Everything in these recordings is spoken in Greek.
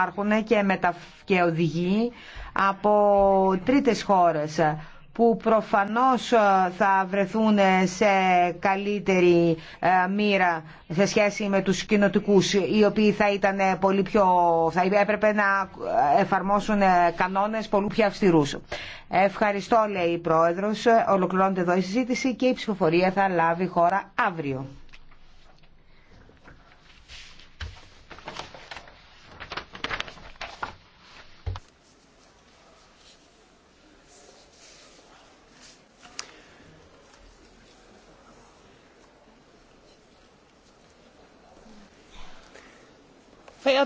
υπάρχουν και, μετα... και οδηγοί από τρίτες χώρες που προφανώς ε, θα βρεθούν σε καλύτερη ε, μοίρα σε σχέση με τους κοινοτικούς οι οποίοι θα ήταν πολύ πιο θα έπρεπε να ε, εφαρμόσουν κανόνες πολύ πιο αυστηρούς. Ευχαριστώ λέει η Πρόεδρος, ολοκληρώνεται εδώ η συζήτηση και η ψηφοφορία θα λάβει χώρα αύριο.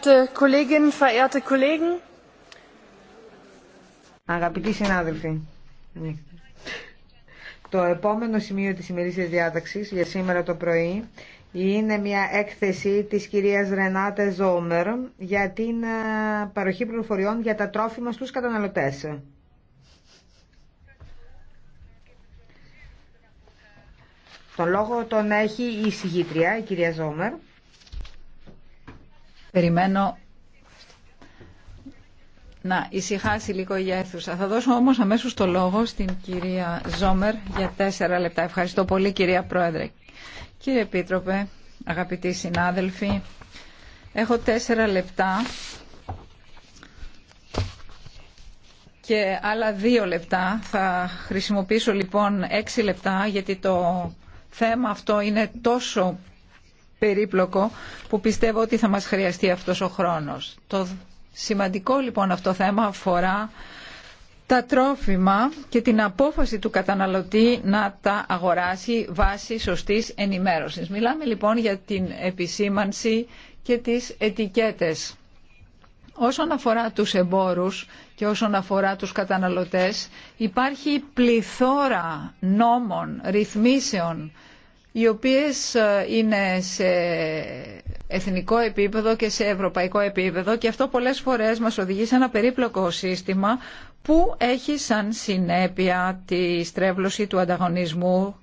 verehrte Kolleginnen, verehrte Kollegen. Αγαπητοί συνάδελφοι, ναι. το επόμενο σημείο της ημερήσιας διάταξης για σήμερα το πρωί είναι μια έκθεση της κυρίας Ρενάτε Ζόμερ για την παροχή πληροφοριών για τα τρόφιμα στους καταναλωτές. Τον λόγο τον έχει η συγγήτρια, η κυρία Ζόμερ. Περιμένω να ησυχάσει λίγο η αίθουσα. Θα δώσω όμως αμέσως το λόγο στην κυρία Ζόμερ για τέσσερα λεπτά. Ευχαριστώ πολύ κυρία Πρόεδρε. Κύριε Επίτροπε, αγαπητοί συνάδελφοι, έχω τέσσερα λεπτά και άλλα δύο λεπτά. Θα χρησιμοποιήσω λοιπόν έξι λεπτά γιατί το θέμα αυτό είναι τόσο περίπλοκο που πιστεύω ότι θα μας χρειαστεί αυτός ο χρόνος. Το σημαντικό λοιπόν αυτό θέμα αφορά τα τρόφιμα και την απόφαση του καταναλωτή να τα αγοράσει βάσει σωστής ενημέρωσης. Μιλάμε λοιπόν για την επισήμανση και τις ετικέτες. Όσον αφορά τους εμπόρους και όσον αφορά τους καταναλωτές, υπάρχει πληθώρα νόμων, ρυθμίσεων οι οποίες ε, είναι σε εθνικό επίπεδο και σε ευρωπαϊκό επίπεδο και αυτό πολλές φορές μας οδηγεί σε ένα περίπλοκο σύστημα που έχει σαν συνέπεια τη στρέβλωση του ανταγωνισμού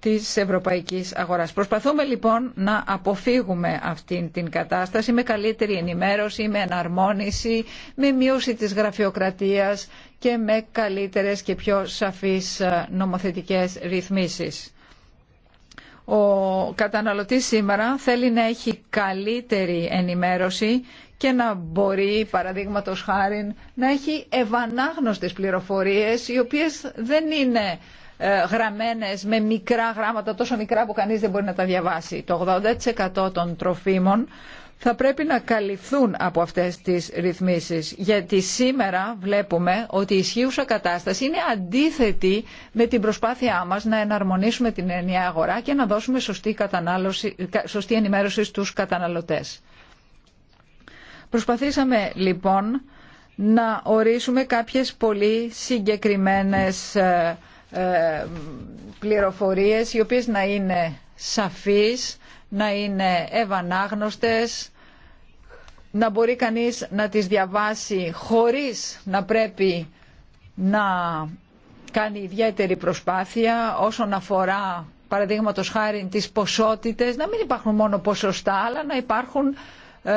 της ευρωπαϊκής αγοράς. Προσπαθούμε λοιπόν να αποφύγουμε αυτή την κατάσταση με καλύτερη ενημέρωση, με εναρμόνιση, με μείωση της γραφειοκρατίας και με καλύτερες και πιο σαφείς ε, νομοθετικές ρυθμίσεις. Ο καταναλωτής σήμερα θέλει να έχει καλύτερη ενημέρωση και να μπορεί, παραδείγματο χάρη, να έχει ευανάγνωστες πληροφορίες οι οποίες δεν είναι ε, γραμμένες με μικρά γράμματα, τόσο μικρά που κανείς δεν μπορεί να τα διαβάσει. Το 80% των τροφίμων θα πρέπει να καλυφθούν από αυτές τις ρυθμίσεις γιατί σήμερα βλέπουμε ότι η ισχύουσα κατάσταση είναι αντίθετη με την προσπάθειά μας να εναρμονίσουμε την ενιαία αγορά και να δώσουμε σωστή, κατανάλωση, σωστή ενημέρωση στους καταναλωτές. Προσπαθήσαμε λοιπόν να ορίσουμε κάποιες πολύ συγκεκριμένες ε, ε, πληροφορίες οι οποίες να είναι σαφείς, να είναι ευανάγνωστες, να μπορεί κανείς να τις διαβάσει χωρίς να πρέπει να κάνει ιδιαίτερη προσπάθεια όσον αφορά παραδείγματο χάρη τις ποσότητες, να μην υπάρχουν μόνο ποσοστά αλλά να υπάρχουν ε,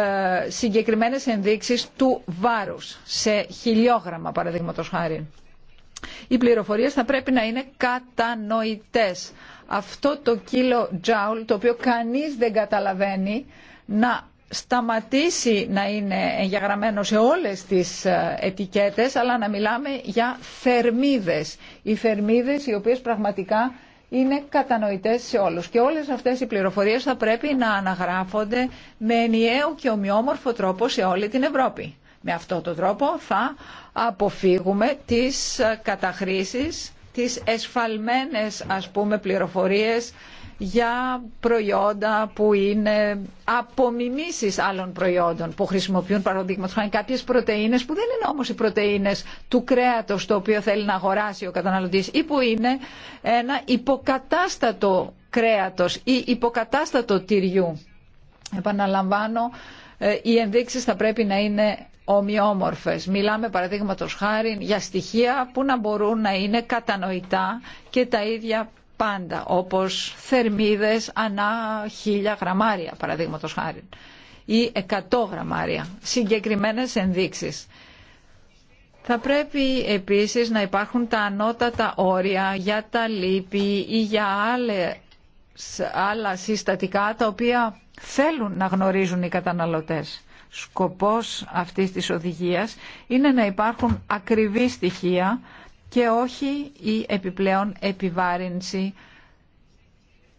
συγκεκριμένες ενδείξεις του βάρους σε χιλιόγραμμα παραδείγματο χάρη. Οι πληροφορίες θα πρέπει να είναι κατανοητές. Αυτό το κιλο τζάουλ το οποίο κανείς δεν καταλαβαίνει να σταματήσει να είναι εγγεγραμμένο σε όλες τις ε, ετικέτες αλλά να μιλάμε για θερμίδες. Οι θερμίδες οι οποίες πραγματικά είναι κατανοητές σε όλους και όλες αυτές οι πληροφορίες θα πρέπει να αναγράφονται με ενιαίο και ομοιόμορφο τρόπο σε όλη την Ευρώπη. Με αυτόν τον τρόπο θα αποφύγουμε τις ε, καταχρήσεις, τις εσφαλμένες ας πούμε πληροφορίες για προϊόντα που είναι απομιμήσεις άλλων προϊόντων που χρησιμοποιούν παραδείγματος χάρη κάποιες πρωτεΐνες που δεν είναι όμω οι πρωτενε του κρέατος το οποίο θέλει να αγοράσει ο καταναλωτή ή που είναι ένα υποκατάστατο κρέατο ή υποκατάστατο τυριού. Επαναλαμβάνω, ε, οι ενδείξει θα πρέπει να είναι ομοιόμορφες. Μιλάμε παραδείγματος χάρη για στοιχεία που να μπορούν να είναι κατανοητά και τα ίδια πάντα, όπως θερμίδες ανά χίλια γραμμάρια, παραδείγματος χάρη, ή 100 γραμμάρια, συγκεκριμένες ενδείξεις. Θα πρέπει επίσης να υπάρχουν τα ανώτατα όρια για τα λύπη ή για άλλα συστατικά τα οποία θέλουν να γνωρίζουν οι καταναλωτές. Σκοπός αυτής της οδηγίας είναι να υπάρχουν ακριβή στοιχεία και όχι η επιπλέον επιβάρυνση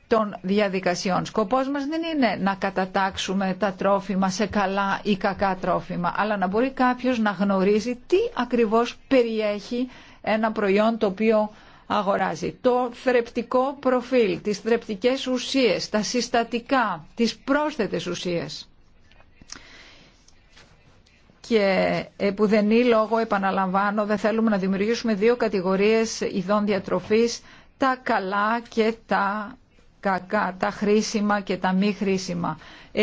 των διαδικασιών. Σκοπός μας δεν είναι να κατατάξουμε τα τρόφιμα σε καλά ή κακά τρόφιμα, αλλά να μπορεί κάποιος να γνωρίζει τι ακριβώς περιέχει ένα προϊόν το οποίο αγοράζει. Το θρεπτικό προφίλ, τις θρεπτικές ουσίες, τα συστατικά, τις πρόσθετες ουσίες και ε, που δεν είναι λόγο, επαναλαμβάνω, δεν θέλουμε να δημιουργήσουμε δύο κατηγορίες ειδών διατροφής, τα καλά και τα κακά, τα χρήσιμα και τα μη χρήσιμα.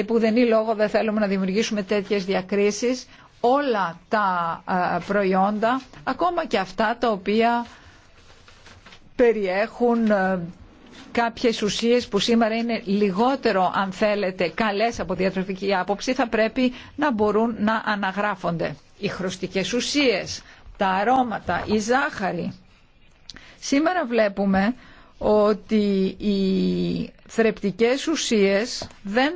Που δεν λόγο, δεν θέλουμε να δημιουργήσουμε τέτοιες διακρίσεις, όλα τα προϊόντα, ακόμα και αυτά τα οποία περιέχουν ε, κάποιες ουσίες που σήμερα είναι λιγότερο αν θέλετε καλές από διατροφική άποψη θα πρέπει να μπορούν να αναγράφονται. Οι χρωστικές ουσίες, τα αρώματα, η ζάχαρη. Σήμερα βλέπουμε ότι οι θρεπτικές ουσίες δεν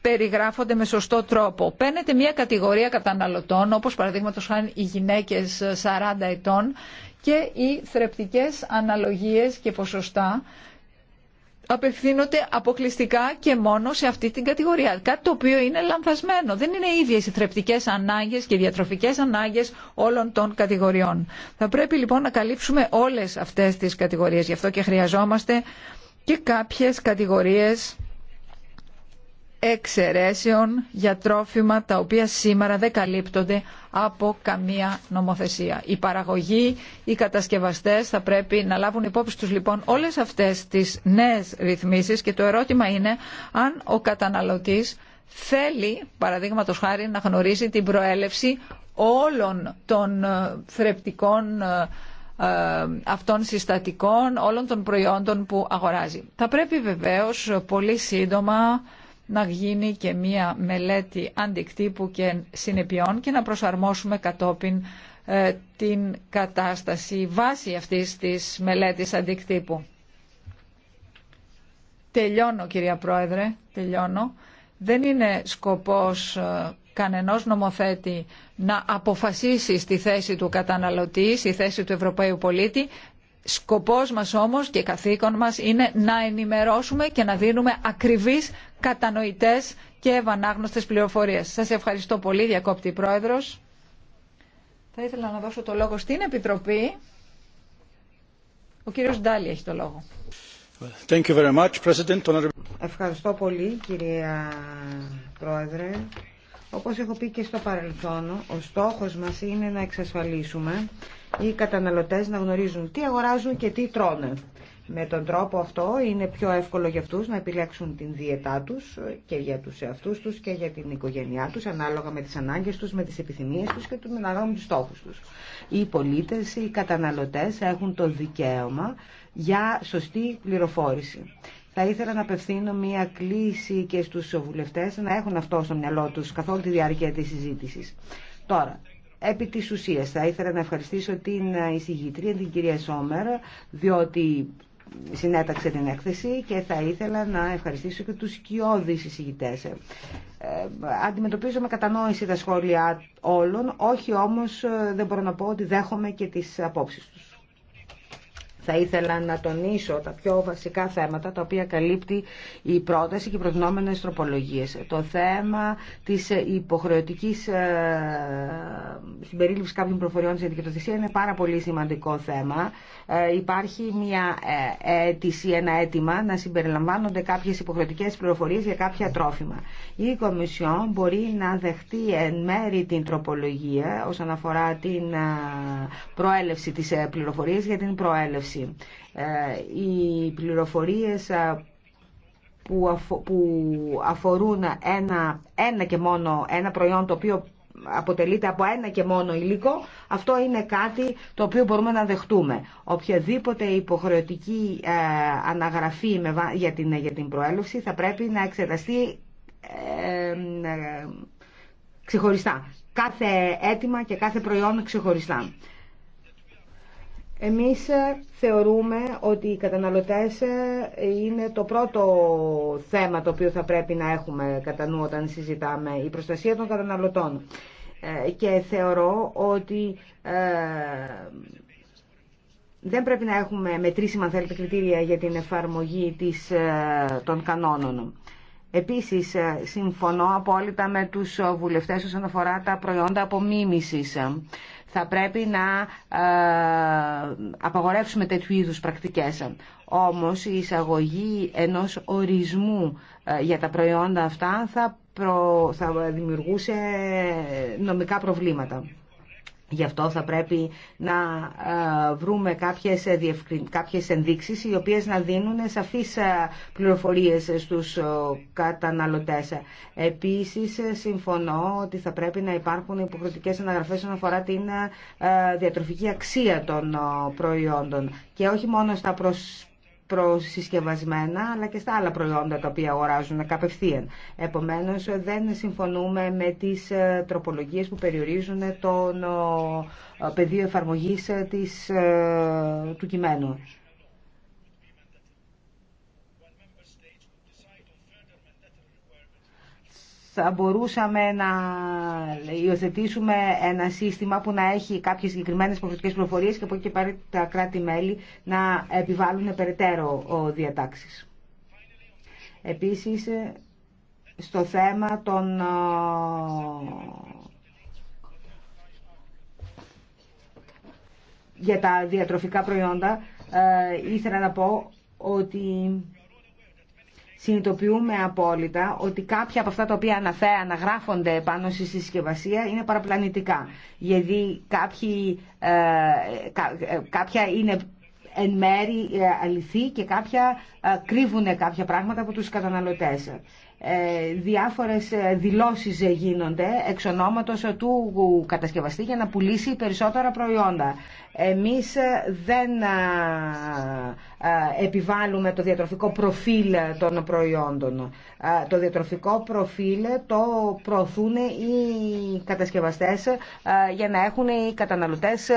περιγράφονται με σωστό τρόπο. Παίρνετε μια κατηγορία καταναλωτών, όπως παραδείγματο χάνει οι γυναίκες 40 ετών και οι θρεπτικές αναλογίες και ποσοστά απευθύνονται αποκλειστικά και μόνο σε αυτή την κατηγορία. Κάτι το οποίο είναι λανθασμένο. Δεν είναι ίδιε οι θρεπτικέ ανάγκε και οι διατροφικέ ανάγκε όλων των κατηγοριών. Θα πρέπει λοιπόν να καλύψουμε όλε αυτέ τι κατηγορίε. Γι' αυτό και χρειαζόμαστε και κάποιε κατηγορίε εξαιρέσεων για τρόφιμα τα οποία σήμερα δεν καλύπτονται από καμία νομοθεσία. Οι παραγωγοί, οι κατασκευαστές θα πρέπει να λάβουν υπόψη τους λοιπόν όλες αυτές τις νέες ρυθμίσεις και το ερώτημα είναι αν ο καταναλωτής θέλει παραδείγματο χάρη να γνωρίζει την προέλευση όλων των ε, θρεπτικών ε, ε, αυτών συστατικών, όλων των προϊόντων που αγοράζει. Θα πρέπει βεβαίως πολύ σύντομα να γίνει και μία μελέτη αντικτύπου και συνεπιών και να προσαρμόσουμε κατόπιν ε, την κατάσταση βάση αυτής της μελέτης αντικτύπου. Τελειώνω κυρία Πρόεδρε, τελειώνω. Δεν είναι σκοπός ε, κανενός νομοθέτη να αποφασίσει στη θέση του καταναλωτή, στη θέση του Ευρωπαίου πολίτη. Σκοπός μας όμως και καθήκον μας είναι να ενημερώσουμε και να δίνουμε ακριβείς, κατανοητές και ευανάγνωστες πληροφορίες. Σας ευχαριστώ πολύ, διακόπτη Πρόεδρος. Θα ήθελα να δώσω το λόγο στην Επιτροπή. Ο κύριος Ντάλι έχει το λόγο. Thank you very much, President. Ευχαριστώ πολύ, κυρία Πρόεδρε. Όπως έχω πει και στο παρελθόν, ο στόχος μας είναι να εξασφαλίσουμε οι καταναλωτές να γνωρίζουν τι αγοράζουν και τι τρώνε. Με τον τρόπο αυτό είναι πιο εύκολο για αυτούς να επιλέξουν την δίαιτά τους και για τους εαυτούς τους και για την οικογένειά τους ανάλογα με τις ανάγκες τους, με τις επιθυμίες τους και με τους στόχους τους. Οι πολίτες, οι καταναλωτές έχουν το δικαίωμα για σωστή πληροφόρηση. Θα ήθελα να απευθύνω μία κλίση και στους βουλευτές να έχουν αυτό στο μυαλό τους καθ' όλη τη διάρκεια της συζήτησης. Τώρα, Επί της ουσίας θα ήθελα να ευχαριστήσω την εισηγητρία, την κυρία Σόμερ, διότι συνέταξε την έκθεση και θα ήθελα να ευχαριστήσω και τους κοιόδης εισηγητές. Ε, αντιμετωπίζω με κατανόηση τα σχόλια όλων, όχι όμως ε, δεν μπορώ να πω ότι δέχομαι και τις απόψεις τους. Θα ήθελα να τονίσω τα πιο βασικά θέματα τα οποία καλύπτει η πρόταση και οι προτινόμενες τροπολογίες. Το θέμα της υποχρεωτικής ε, συμπερίληψης κάποιων προφοριών στην δικαιοθεσία είναι πάρα πολύ σημαντικό θέμα. Ε, υπάρχει μια ε, αίτηση, ένα αίτημα να συμπεριλαμβάνονται κάποιες υποχρεωτικές πληροφορίες για κάποια τρόφιμα. Η Κομισιόν μπορεί να δεχτεί εν μέρη την τροπολογία όσον αφορά την προέλευση της πληροφορίας για την προέλευση ε, οι πληροφορίες που αφορούν ένα, ένα και μόνο ένα προϊόν το οποίο αποτελείται από ένα και μόνο υλικό, αυτό είναι κάτι το οποίο μπορούμε να δεχτούμε. Οποιαδήποτε υποχρεωτική ε, αναγραφή για, την, για την προέλευση θα πρέπει να εξεταστεί ε, ξεχωριστά. Κάθε αίτημα και κάθε προϊόν ξεχωριστά. Εμείς ε, θεωρούμε ότι οι καταναλωτές ε, είναι το πρώτο θέμα το οποίο θα πρέπει να έχουμε κατά νου όταν συζητάμε η προστασία των καταναλωτών. Ε, και θεωρώ ότι δεν πρέπει να έχουμε μετρήσιμα αν θέλετε, κριτήρια για την εφαρμογή της, των κανόνων. Επίσης, συμφωνώ απόλυτα με τους βουλευτές όσον αφορά τα προϊόντα απομίμησης. Θα πρέπει να ε, απαγορεύσουμε τέτοιου είδους πρακτικές. Όμως η εισαγωγή ενός ορισμού ε, για τα προϊόντα αυτά θα, θα δημιουργούσε νομικά προβλήματα. Γι' αυτό θα πρέπει να ε, βρούμε κάποιες, ε, κάποιες ενδείξεις οι οποίες να δίνουν σαφείς ε, πληροφορίες στους καταναλωτές. Επίσης, συμφωνώ ότι θα πρέπει να υπάρχουν υποχρεωτικές αναγραφές όσον αφορά την διατροφική αξία των προϊόντων και όχι μόνο στα προς προσυσκευασμένα αλλά και στα άλλα προϊόντα τα οποία αγοράζουν καπευθείαν. Επομένως δεν συμφωνούμε με τις ε, τροπολογίες που περιορίζουν το ε, πεδίο εφαρμογής ε, της, του κειμένου. θα μπορούσαμε να υιοθετήσουμε ένα σύστημα που να έχει κάποιες συγκεκριμένες προσωπικές πληροφορίες και από εκεί και πάρει τα κράτη-μέλη να επιβάλλουν περαιτέρω διατάξεις. Επίσης, στο θέμα των για τα διατροφικά προϊόντα, ε, ήθελα να πω ότι συνειδητοποιούμε απόλυτα ότι κάποια από αυτά τα οποία αναφέρα, γράφονται πάνω στη συσκευασία είναι παραπλανητικά. Γιατί ε, ε, κάποια είναι εν μέρη ε, αληθή και κάποια κρύβουν κάποια πράγματα από τους καταναλωτές. Ε, διάφορες ε, δηλώσεις ε, γίνονται εξ ονόματος του κατασκευαστή για να πουλήσει περισσότερα προϊόντα. Εμείς δεν επιβάλλουμε το διατροφικό προφίλ των προϊόντων. Το διατροφικό προφίλ το προωθούν οι κατασκευαστές για να έχουν οι καταναλωτές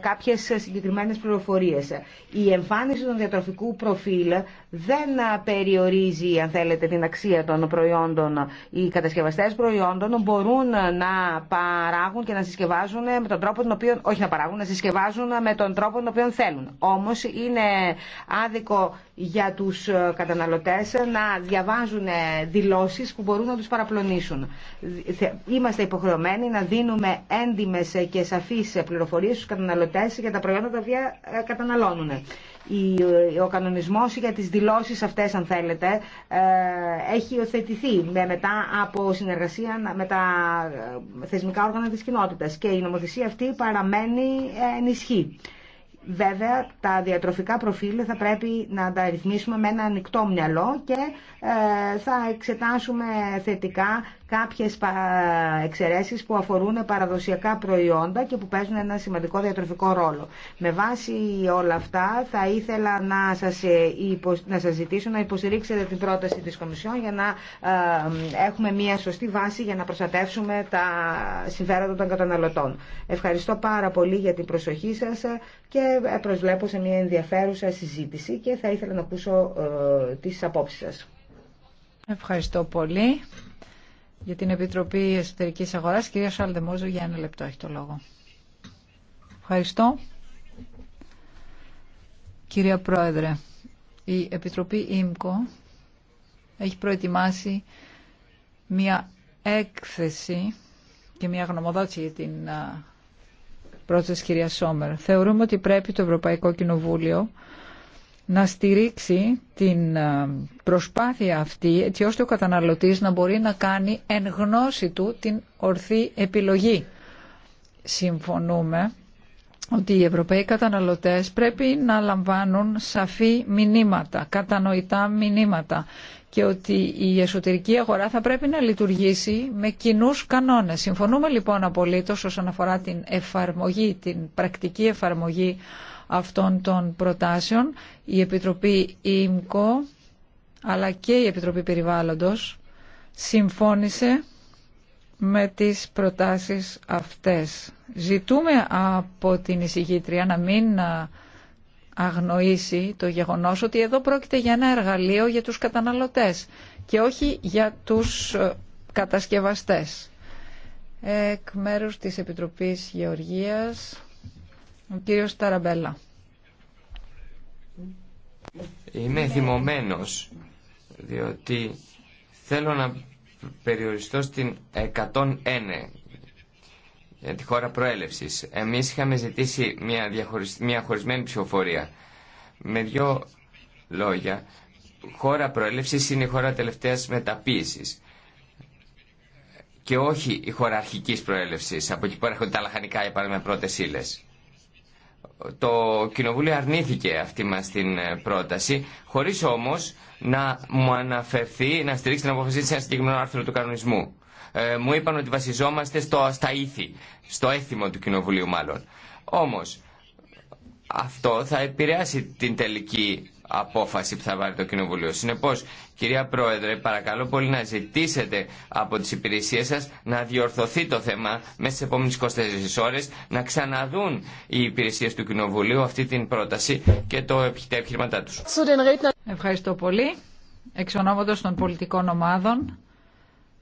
κάποιες συγκεκριμένες πληροφορίες. Η εμφάνιση του διατροφικού προφίλ δεν περιορίζει, αν θέλετε, την αξία των των προϊόντων. Οι κατασκευαστές προϊόντων μπορούν να παράγουν και να συσκευάζουν με τον τρόπο τον οποίο, όχι να παράγουν, να συσκευάζουν με τον τρόπο τον οποίο θέλουν. Όμως είναι άδικο για τους ε, καταναλωτές να διαβάζουν ε, δηλώσεις που μπορούν να τους παραπλονίσουν. Είμαστε υποχρεωμένοι να δίνουμε έντιμες ε, και σαφείς πληροφορίες στους καταναλωτές για τα προϊόντα τα οποία καταναλώνουν. Ο κανονισμός για τις δηλώσεις αυτές, αν θέλετε, έχει υιοθετηθεί μετά από συνεργασία με τα θεσμικά όργανα της κοινότητας και η νομοθεσία αυτή παραμένει ενισχύ. Βέβαια, τα διατροφικά προφίλ θα πρέπει να τα ρυθμίσουμε με ένα ανοιχτό μυαλό και ε, θα εξετάσουμε θετικά κάποιες εξαιρέσεις που αφορούν παραδοσιακά προϊόντα και που παίζουν ένα σημαντικό διατροφικό ρόλο. Με βάση όλα αυτά θα ήθελα να σας, ε, να σας ζητήσω να υποστηρίξετε την πρόταση της Κομισιόν για να ε, έχουμε μια σωστή βάση για να προστατεύσουμε τα συμφέροντα των καταναλωτών. Ευχαριστώ πάρα πολύ για την προσοχή σας ε, και προσβλέπω σε μια ενδιαφέρουσα συζήτηση και θα ήθελα να ακούσω τις απόψεις σας. Ευχαριστώ πολύ για την Επιτροπή Εσωτερικής Αγοράς. Κυρία Σαλδεμόζου, για ένα λεπτό έχει το λόγο. Ευχαριστώ. Κυρία Πρόεδρε, η Επιτροπή ΙΜΚΟ έχει προετοιμάσει μια έκθεση και μια γνωμοδότηση για την πρόταση κυρία Σόμερ. Θεωρούμε ότι πρέπει το Ευρωπαϊκό Κοινοβούλιο να στηρίξει την ε, προσπάθεια αυτή έτσι ώστε ο καταναλωτής να μπορεί να κάνει εν γνώση του την ορθή επιλογή. Συμφωνούμε ότι οι Ευρωπαίοι καταναλωτές πρέπει να λαμβάνουν σαφή μηνύματα, κατανοητά μηνύματα και ότι η εσωτερική αγορά θα πρέπει να λειτουργήσει με κοινού κανόνες. Συμφωνούμε λοιπόν απολύτως όσον αφορά την εφαρμογή, την πρακτική εφαρμογή αυτών των προτάσεων. Η Επιτροπή ΙΜΚΟ αλλά και η Επιτροπή Περιβάλλοντος συμφώνησε με τις προτάσεις αυτές. Ζητούμε από την εισηγήτρια να μην αγνοήσει το γεγονός ότι εδώ πρόκειται για ένα εργαλείο για τους καταναλωτές και όχι για τους ε, κατασκευαστές. Εκ μέρους της Επιτροπής Γεωργίας... Ο κύριος Ταραμπέλα. Είμαι θυμωμένος, διότι θέλω να περιοριστώ στην 101 για τη χώρα προέλευσης. Εμείς είχαμε ζητήσει μια, διαχωρισ... χωρισμένη ψηφοφορία. Με δύο λόγια, χώρα προέλευσης είναι η χώρα τελευταίας μεταποίησης και όχι η χώρα αρχικής προέλευσης. Από εκεί που έρχονται τα λαχανικά, για παράδειγμα, πρώτες ύλες το Κοινοβούλιο αρνήθηκε αυτή μας την ε, πρόταση, χωρίς όμως να μου αναφερθεί, να στηρίξει την αποφασίση σε ένα συγκεκριμένο άρθρο του κανονισμού. Ε, μου είπαν ότι βασιζόμαστε στο, στα ήθη, στο έθιμο του Κοινοβουλίου μάλλον. Όμως, αυτό θα επηρεάσει την τελική απόφαση που θα βάλει το Κοινοβουλίο. Συνεπώ, κυρία Πρόεδρε, παρακαλώ πολύ να ζητήσετε από τι υπηρεσίε σα να διορθωθεί το θέμα μέσα στι επόμενε 24 ώρε να ξαναδούν οι υπηρεσίε του Κοινοβουλίου αυτή την πρόταση και το, τα επιχειρηματά του. Ευχαριστώ πολύ. Εξ των πολιτικών ομάδων,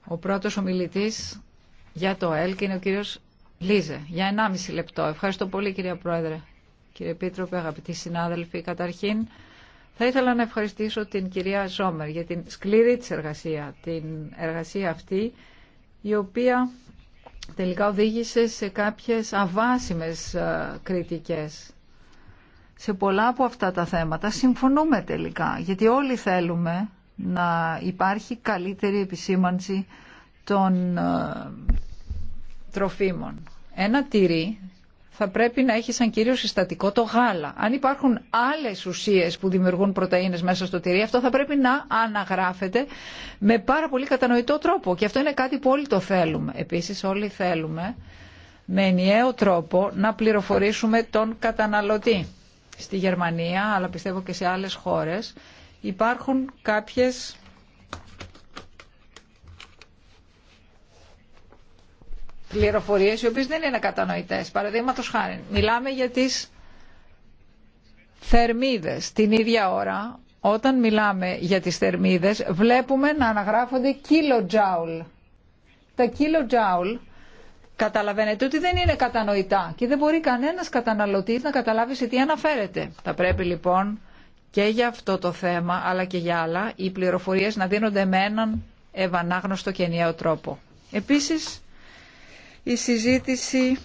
ο πρώτο ομιλητή για το ΕΛΚ είναι ο κύριο Λίζε. Για 1,5 λεπτό. Ευχαριστώ πολύ κυρία Πρόεδρε. Κύριε Πίτροπε, αγαπητοί συνάδελφοι, καταρχήν θα ήθελα να ευχαριστήσω την κυρία Ζόμερ για την σκληρή της εργασία, την εργασία αυτή η οποία τελικά οδήγησε σε κάποιες αβάσιμες ε, κριτικές. Σε πολλά από αυτά τα θέματα συμφωνούμε τελικά, γιατί όλοι θέλουμε να υπάρχει καλύτερη επισήμανση των ε, τροφίμων. Ένα τυρί θα πρέπει να έχει σαν κύριο συστατικό το γάλα. Αν υπάρχουν άλλες ουσίες που δημιουργούν πρωτενε μέσα στο τυρί, αυτό θα πρέπει να αναγράφεται με πάρα πολύ κατανοητό τρόπο. Και αυτό είναι κάτι που όλοι το θέλουμε. Επίσης όλοι θέλουμε με ενιαίο τρόπο να πληροφορήσουμε τον καταναλωτή. Στη Γερμανία, αλλά πιστεύω και σε άλλες χώρες, υπάρχουν κάποιες Πληροφορίε οι οποίε δεν είναι κατανοητές. Παραδείγματο χάρη, μιλάμε για τις θερμίδες την ίδια ώρα. Όταν μιλάμε για τις θερμίδες βλέπουμε να αναγράφονται kilojoule. Τα kilojoule καταλαβαίνετε ότι δεν είναι κατανοητά και δεν μπορεί κανένας καταναλωτής να καταλάβει σε τι αναφέρεται. Θα πρέπει λοιπόν και για αυτό το θέμα αλλά και για άλλα οι πληροφορίες να δίνονται με έναν ευανάγνωστο και ενιαίο τρόπο. Επίσης η συζήτηση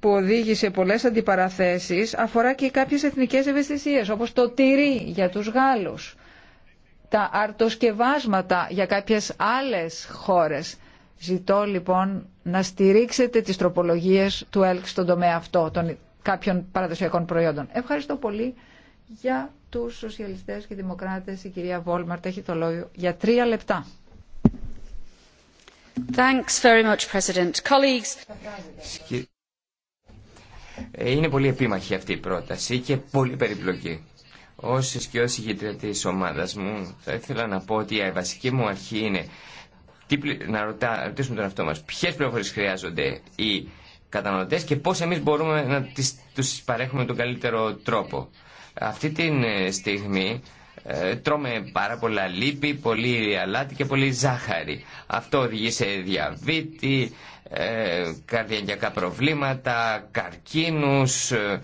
που οδήγησε πολλές αντιπαραθέσεις αφορά και κάποιες εθνικές ευαισθησίες όπως το τυρί για τους Γάλλους, τα αρτοσκευάσματα για κάποιες άλλες χώρες. Ζητώ λοιπόν να στηρίξετε τις τροπολογίες του ΕΛΚ στον τομέα αυτό των κάποιων παραδοσιακών προϊόντων. Ευχαριστώ πολύ για τους σοσιαλιστές και δημοκράτες. Η κυρία Βόλμαρτ έχει το λόγο για τρία λεπτά. Ε, είναι πολύ επίμαχη αυτή η πρόταση και πολύ περιπλοκή. Ω σκιώδη ηγητρία τη ομάδα μου, θα ήθελα να πω ότι η βασική μου αρχή είναι να ρωτήσουμε τον εαυτό μα ποιε πληροφορίε χρειάζονται οι καταναλωτέ και πώ εμεί μπορούμε να του παρέχουμε τον καλύτερο τρόπο. Αυτή τη ε, στιγμή ε, τρώμε πάρα πολλά λίπη, πολύ αλάτι και πολύ ζάχαρη. Αυτό οδηγεί σε διαβήτη, ε, καρδιακά προβλήματα, καρκίνους, ε,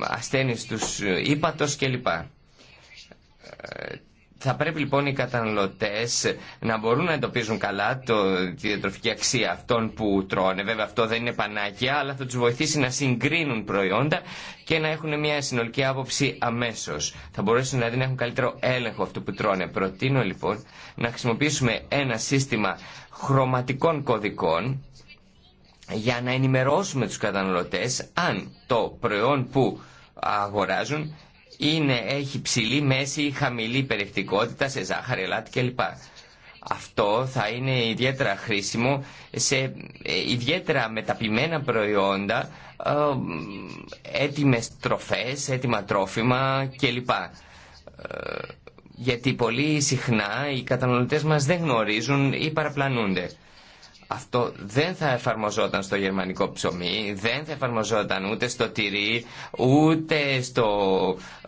ασθένειες του ύπατος κλπ. Θα πρέπει λοιπόν οι καταναλωτές να μπορούν να εντοπίζουν καλά το, τη διατροφική αξία αυτών που τρώνε. Βέβαια αυτό δεν είναι πανάκια, αλλά θα τους βοηθήσει να συγκρίνουν προϊόντα και να έχουν μια συνολική άποψη αμέσως. Θα μπορέσουν δηλαδή να έχουν καλύτερο έλεγχο αυτού που τρώνε. Προτείνω λοιπόν να χρησιμοποιήσουμε ένα σύστημα χρωματικών κωδικών για να ενημερώσουμε τους καταναλωτές αν το προϊόν που αγοράζουν είναι, έχει ψηλή, μέση ή χαμηλή περιεκτικότητα σε ζάχαρη, αλάτι κλπ. Αυτό θα είναι ιδιαίτερα χρήσιμο σε ε, ιδιαίτερα μεταπημένα προϊόντα, ε, έτοιμες τροφές, έτοιμα τρόφιμα κλπ. Ε, γιατί πολύ συχνά οι καταναλωτές μας δεν γνωρίζουν ή παραπλανούνται αυτό δεν θα εφαρμοζόταν στο γερμανικό ψωμί, δεν θα εφαρμοζόταν ούτε στο τυρί, ούτε στο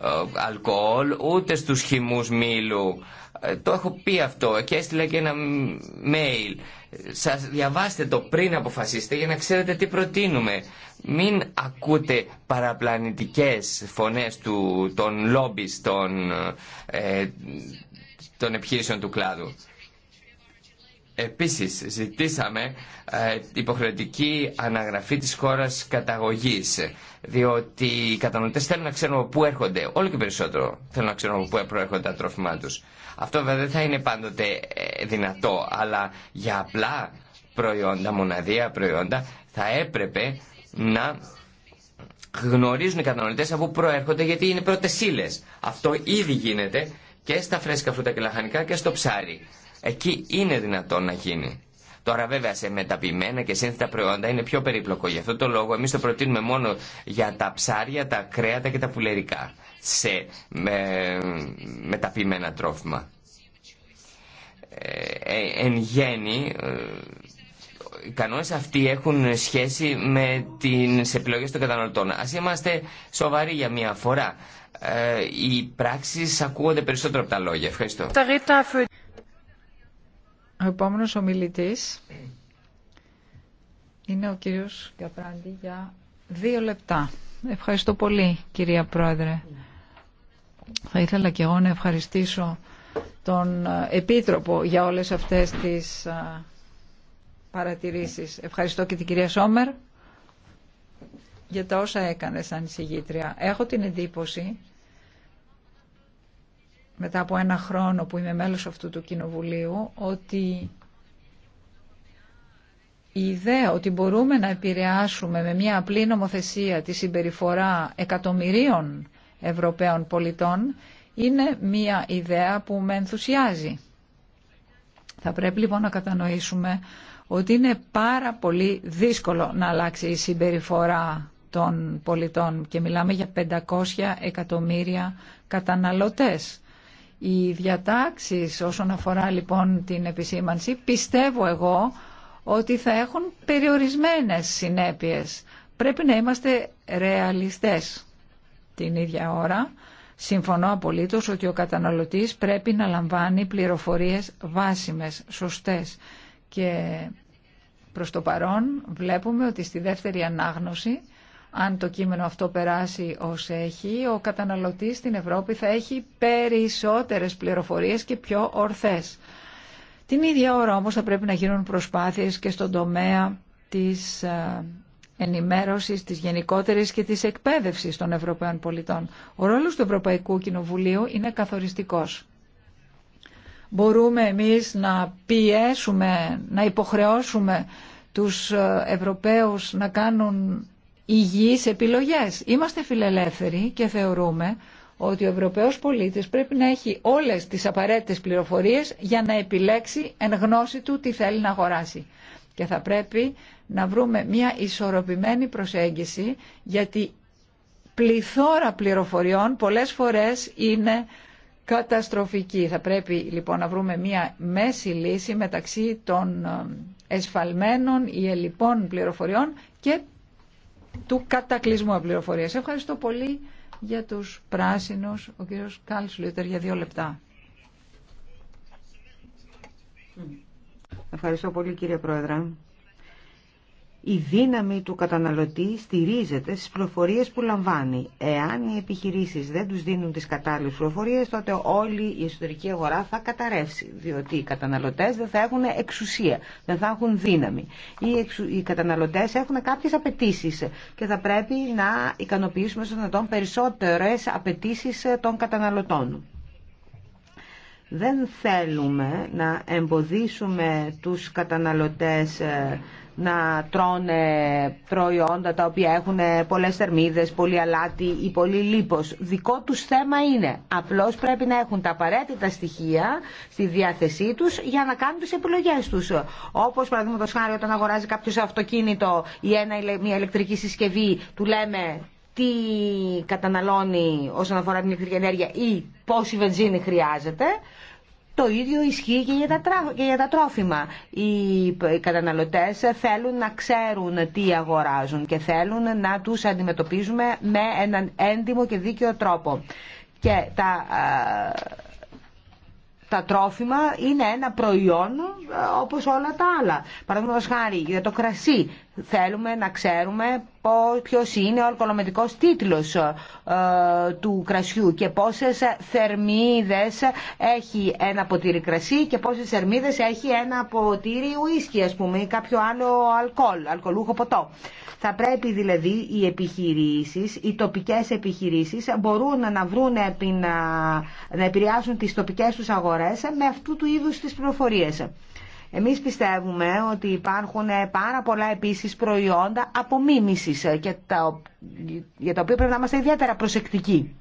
ε, αλκοόλ, ούτε στους χυμούς μήλου. Ε, το έχω πει αυτό και έστειλα και ένα mail. Σας διαβάστε το πριν αποφασίσετε για να ξέρετε τι προτείνουμε. Μην ακούτε παραπλανητικές φωνές του, των λόμπις των, ε, των επιχείρησεων του κλάδου. Επίσης ζητήσαμε ε, υποχρεωτική αναγραφή της χώρας καταγωγής διότι οι κατανοητές θέλουν να ξέρουν πού έρχονται, όλο και περισσότερο θέλουν να ξέρουν πού προέρχονται τα τρόφιμά τους. Αυτό βέβαια δεν θα είναι πάντοτε ε, δυνατό, αλλά για απλά προϊόντα, μοναδία προϊόντα, θα έπρεπε να γνωρίζουν οι κατανοητές από πού προέρχονται γιατί είναι πρώτες ύλες. Αυτό ήδη γίνεται και στα φρέσκα φρούτα και λαχανικά και στο ψάρι. Εκεί είναι δυνατόν να γίνει. Τώρα βέβαια σε μεταποιημένα και σύνθετα προϊόντα είναι πιο περίπλοκο. Γι' αυτό το λόγο εμείς το προτείνουμε μόνο για τα ψάρια, τα κρέατα και τα πουλερικά σε με, μεταποιημένα τρόφιμα. Ε, ε, εν γέννη, ε, οι κανόνες αυτοί έχουν σχέση με τι επιλογέ των καταναλωτών. Ας είμαστε σοβαροί για μία φορά. οι πράξεις ακούγονται περισσότερο από τα λόγια. Ευχαριστώ. Ο επόμενος ομιλητής είναι ο κύριος Καπράντη για δύο λεπτά. Ευχαριστώ πολύ κυρία Πρόεδρε. Θα ήθελα και εγώ να ευχαριστήσω τον ε, Επίτροπο για όλες αυτές τις ε, παρατηρήσεις. Ευχαριστώ και την κυρία Σόμερ για τα όσα έκανε σαν εισηγήτρια. Έχω την εντύπωση μετά από ένα χρόνο που είμαι μέλος αυτού του Κοινοβουλίου, ότι η ιδέα ότι μπορούμε να επηρεάσουμε με μια απλή νομοθεσία τη συμπεριφορά εκατομμυρίων Ευρωπαίων πολιτών είναι μια ιδέα που με ενθουσιάζει. Θα πρέπει λοιπόν να κατανοήσουμε ότι είναι πάρα πολύ δύσκολο να αλλάξει η συμπεριφορά των πολιτών και μιλάμε για 500 εκατομμύρια καταναλωτές. Οι διατάξεις όσον αφορά λοιπόν την επισήμανση πιστεύω εγώ ότι θα έχουν περιορισμένες συνέπειες. Πρέπει να είμαστε ρεαλιστές την ίδια ώρα. Συμφωνώ απολύτως ότι ο καταναλωτής πρέπει να λαμβάνει πληροφορίες βάσιμες, σωστές. Και προς το παρόν βλέπουμε ότι στη δεύτερη ανάγνωση αν το κείμενο αυτό περάσει ως έχει, ο καταναλωτής στην Ευρώπη θα έχει περισσότερες πληροφορίες και πιο ορθές. Την ίδια ώρα όμως θα πρέπει να γίνουν προσπάθειες και στον τομέα της ε, ενημέρωσης, της γενικότερης και της εκπαίδευσης των Ευρωπαίων πολιτών. Ο ρόλος του Ευρωπαϊκού Κοινοβουλίου είναι καθοριστικός. Μπορούμε εμείς να πιέσουμε, να υποχρεώσουμε τους ε, Ευρωπαίους να κάνουν υγιείς επιλογές. Είμαστε φιλελεύθεροι και θεωρούμε ότι ο Ευρωπαίος πολίτης πρέπει να έχει όλες τις απαραίτητες πληροφορίες για να επιλέξει εν γνώση του τι θέλει να αγοράσει. Και θα πρέπει να βρούμε μια ισορροπημένη προσέγγιση γιατί πληθώρα πληροφοριών πολλές φορές είναι καταστροφική. Θα πρέπει λοιπόν να βρούμε μια μέση λύση μεταξύ των ε, εσφαλμένων ή ελλειπών πληροφοριών και του κατακλυσμού απληροφορίας. Ευχαριστώ πολύ για τους πράσινους, ο κύριος Κάλς Λίτερ για δύο λεπτά. Ευχαριστώ πολύ κύριε Πρόεδρε η δύναμη του καταναλωτή στηρίζεται στις πληροφορίες που λαμβάνει. Εάν οι επιχειρήσεις δεν τους δίνουν τις κατάλληλες πληροφορίες, τότε όλη η εσωτερική αγορά θα καταρρεύσει, διότι οι καταναλωτές δεν θα έχουν εξουσία, δεν θα έχουν δύναμη. Οι, εξου... οι καταναλωτές έχουν κάποιες απαιτήσεις και θα πρέπει να ικανοποιήσουμε στον δυνατόν περισσότερες απαιτήσει των καταναλωτών. Δεν θέλουμε να εμποδίσουμε τους καταναλωτές ε, να τρώνε προϊόντα τα οποία έχουν ε, πολλές θερμίδες, πολύ αλάτι ή πολύ λίπος. Δικό τους θέμα είναι. Απλώς πρέπει να έχουν τα απαραίτητα στοιχεία στη διάθεσή τους για να κάνουν τις επιλογές τους. Όπως παραδείγματος χάρη όταν αγοράζει κάποιος αυτοκίνητο ή μια ηλεκτρική συσκευή του λέμε τι καταναλώνει όσον αφορά την ηλεκτρική ενέργεια ή πόση βενζίνη χρειάζεται. Το ίδιο ισχύει και για τα, τρόφιμα. Οι καταναλωτές θέλουν να ξέρουν τι αγοράζουν και θέλουν να τους αντιμετωπίζουμε με έναν έντιμο και δίκαιο τρόπο. Και τα, τα τρόφιμα είναι ένα προϊόν όπως όλα τα άλλα. Παραδείγματος χάρη για το κρασί θέλουμε να ξέρουμε ποιος είναι ο αλκοολομετικός τίτλος ε, του κρασιού και πόσες θερμίδες έχει ένα ποτήρι κρασί και πόσες θερμίδες έχει ένα ποτήρι ουίσκι ας πούμε ή κάποιο άλλο αλκοόλ, αλκοολούχο ποτό. Θα πρέπει δηλαδή οι επιχειρήσεις, οι τοπικές επιχειρήσεις μπορούν να βρουν να επηρεάσουν τις τοπικές τους αγορές με αυτού του είδους τις πληροφορίες. Εμείς πιστεύουμε ότι υπάρχουν ε, πάρα πολλά επίσης προϊόντα απομίμησης ε, και τα, για τα οποία πρέπει να είμαστε ιδιαίτερα προσεκτικοί.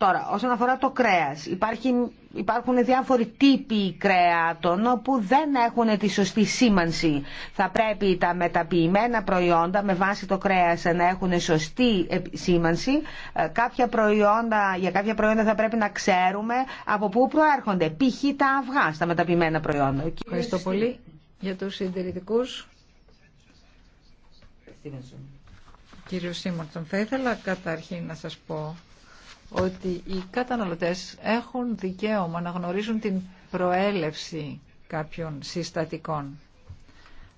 Τώρα, όσον αφορά το κρέας, υπάρχει, υπάρχουν διάφοροι τύποι κρέατων που δεν έχουν τη σωστή σήμανση. Θα πρέπει τα μεταποιημένα προϊόντα με βάση το κρέας να έχουν σωστή σήμανση. Ε, κάποια προϊόντα, για κάποια προϊόντα θα πρέπει να ξέρουμε από πού προέρχονται. Π.χ. τα αυγά στα μεταποιημένα προϊόντα. Ευχαριστώ πολύ για τους συντηρητικούς. Κύριο Σίμωνσον, θα ήθελα καταρχήν να σας πω ότι οι καταναλωτές έχουν δικαίωμα να γνωρίζουν την προέλευση κάποιων συστατικών.